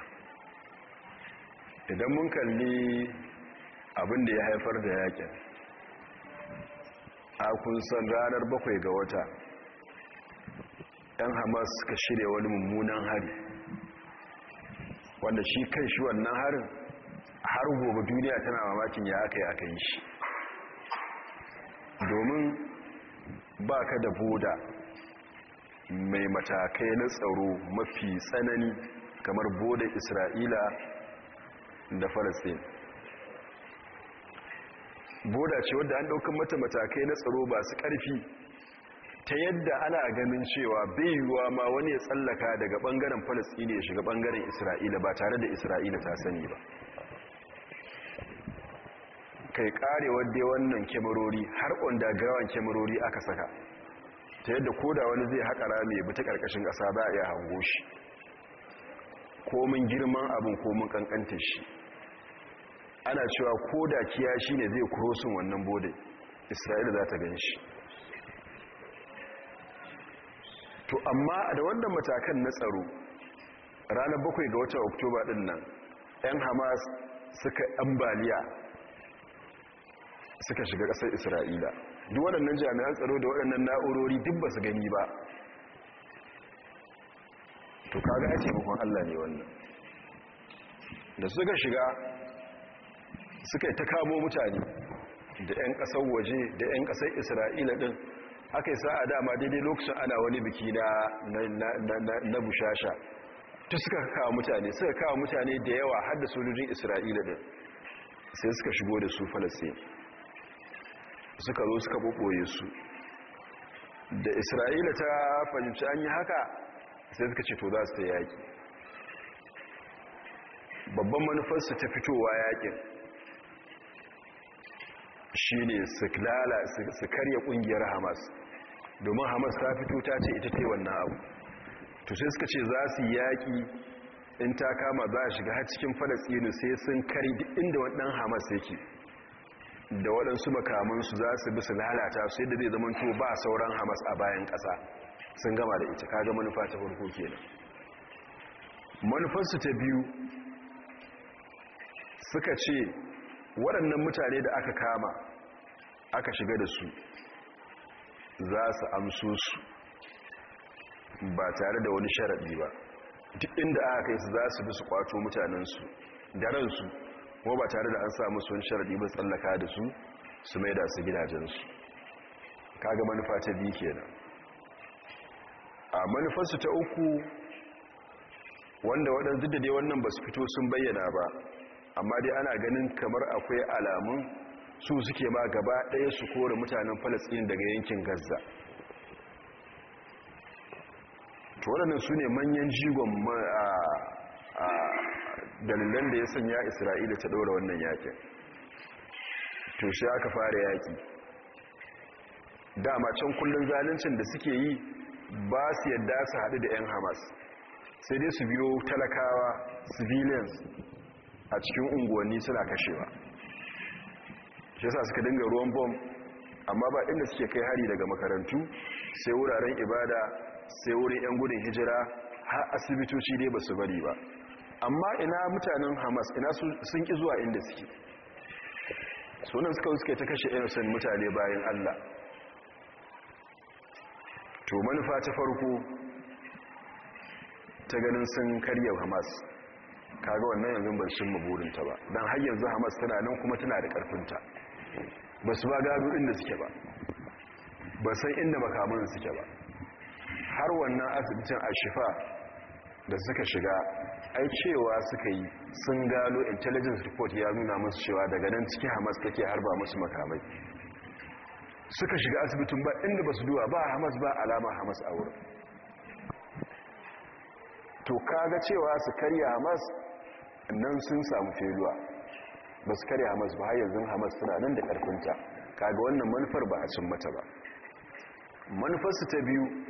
idan mun kalli abin da ya haifar da yaƙin a kun san ranar bakwai ga wata 'yan hamas suka shirya wani mummunan hari wanda shi kan shi wannan harin har gobe duniya tana mamakin ya aka ya yi shi domin ba ka da boda mai matakai na tsaro mafi tsanani kamar boda isra'ila da falasdin boda ce wadda an daukan mata matakai na tsaro ba su karfi ta yadda ana ganin cewa bai yiwuwa ma wani ya tsallaka daga bangaren falasini ya shiga bangaren isra'ila ba tare da isra'ila ta sani ba kai karewar dai wannan kyamarori har gawan kyamarori aka saka ta yadda koda wani zai haƙa rami ya ta ƙarƙashin ƙasa za a iya hango shi komin girman abin komin ƙanƙanta shi ana cewa koda kiyashi ne zai kurosin wannan bodin isra'ila za ta gan shi to amma da wannan matakan na tsaro ranar bakwai ga watan oktoba din nan 'yan hamas suka ambaliya suka shiga ƙasar isra'ila duk waɗannan jami'an tsaro da waɗannan na'urori duk ba su gani ba to kaga ya taimakon allah ne wannan da suka shiga suka yi ta kamo mutane da 'yan ƙasar waje da 'yan ƙasar isra'ila ɗin haka yasa sa'a dama daidai lokacin ana wani biki na bushasha ta suka kawo mutane suka kawo mutane da yawa har da sojojin isra'ila din sai suka shigo da su falasin suka zo suka ɓoɓoye su da isra'ila ta fahimci an yi haka sai suka ce to za su ta yaƙi babban manufarsu ta fitowa yaƙin shi ne su karya ƙungiyar hamas domin hamas ta fito ta ce ita ce wannan abu to sai suka ce za su yaƙi in ta kama za a shiga har cikin falastinu sai sun kari duk inda waɗannan hamas yake da waɗansu makamansu za su bi su lalata su yadda zai to ba sauran hamas a bayan ƙasa sun gama da ita kaga manufa ta farko kenan manufarsu ta biyu suka ce waɗannan mutane da aka kama aka shiga da su za su amso su ba tare da wani sharaɗi ba duk inda aka kai su za su bi su kwato mutanensu da ransu kuma ba tare da an samu su wani sharaɗi ba tsallaka da su su mai da su gidajensu kaga manufa ta biyu kenan a manufarsu ta uku wanda waɗanda da dai wannan ba su fito sun bayyana ba amma dai ana ganin kamar akwai alamun su suke ma gaba ɗaya su kore mutanen falasɗin daga yankin gaza to waɗannan su ne manyan jigon dalilan da ya sanya isra'ila ta ɗora wannan yakin to shi aka fara yaki dama can kullum zaluncin da suke yi ba su yadda su haɗu da 'yan hamas sai dai su biyo talakawa civilians a cikin unguwanni suna kashewa shi yasa suka dinga ruwan bom amma ba inda suke kai hari daga makarantu sai wuraren ibada sai wurin 'yan gudun hijira har asibitoci dai ba su bari ba amma ina mutanen hamas ina sun ki zuwa inda suke sunan suka suke ta kashe innocent mutane bayan allah to manufa ta farko ta ganin sun karya hamas kaga wannan yanzu ban shi burinta ba don har yanzu hamas tana nan kuma tana da ƙarfinta ba su ba gado inda suke ba ba san inda makamun suke ba har wannan asibitin a shifa da suka shiga ai cewa suka yi sun gano intelligence report ya nuna masu cewa daga nan cikin hamas take harba musu makamai suka shiga asibitin ba inda ba su duwa ba hamas ba alama hamas a wurin to kaga cewa su karya hamas nan sun samu feluwa ba su kare hamas ba yanzu hamas suna nan da karfinta kaga wannan manufar ba a cin mata ba manufarsu ta biyu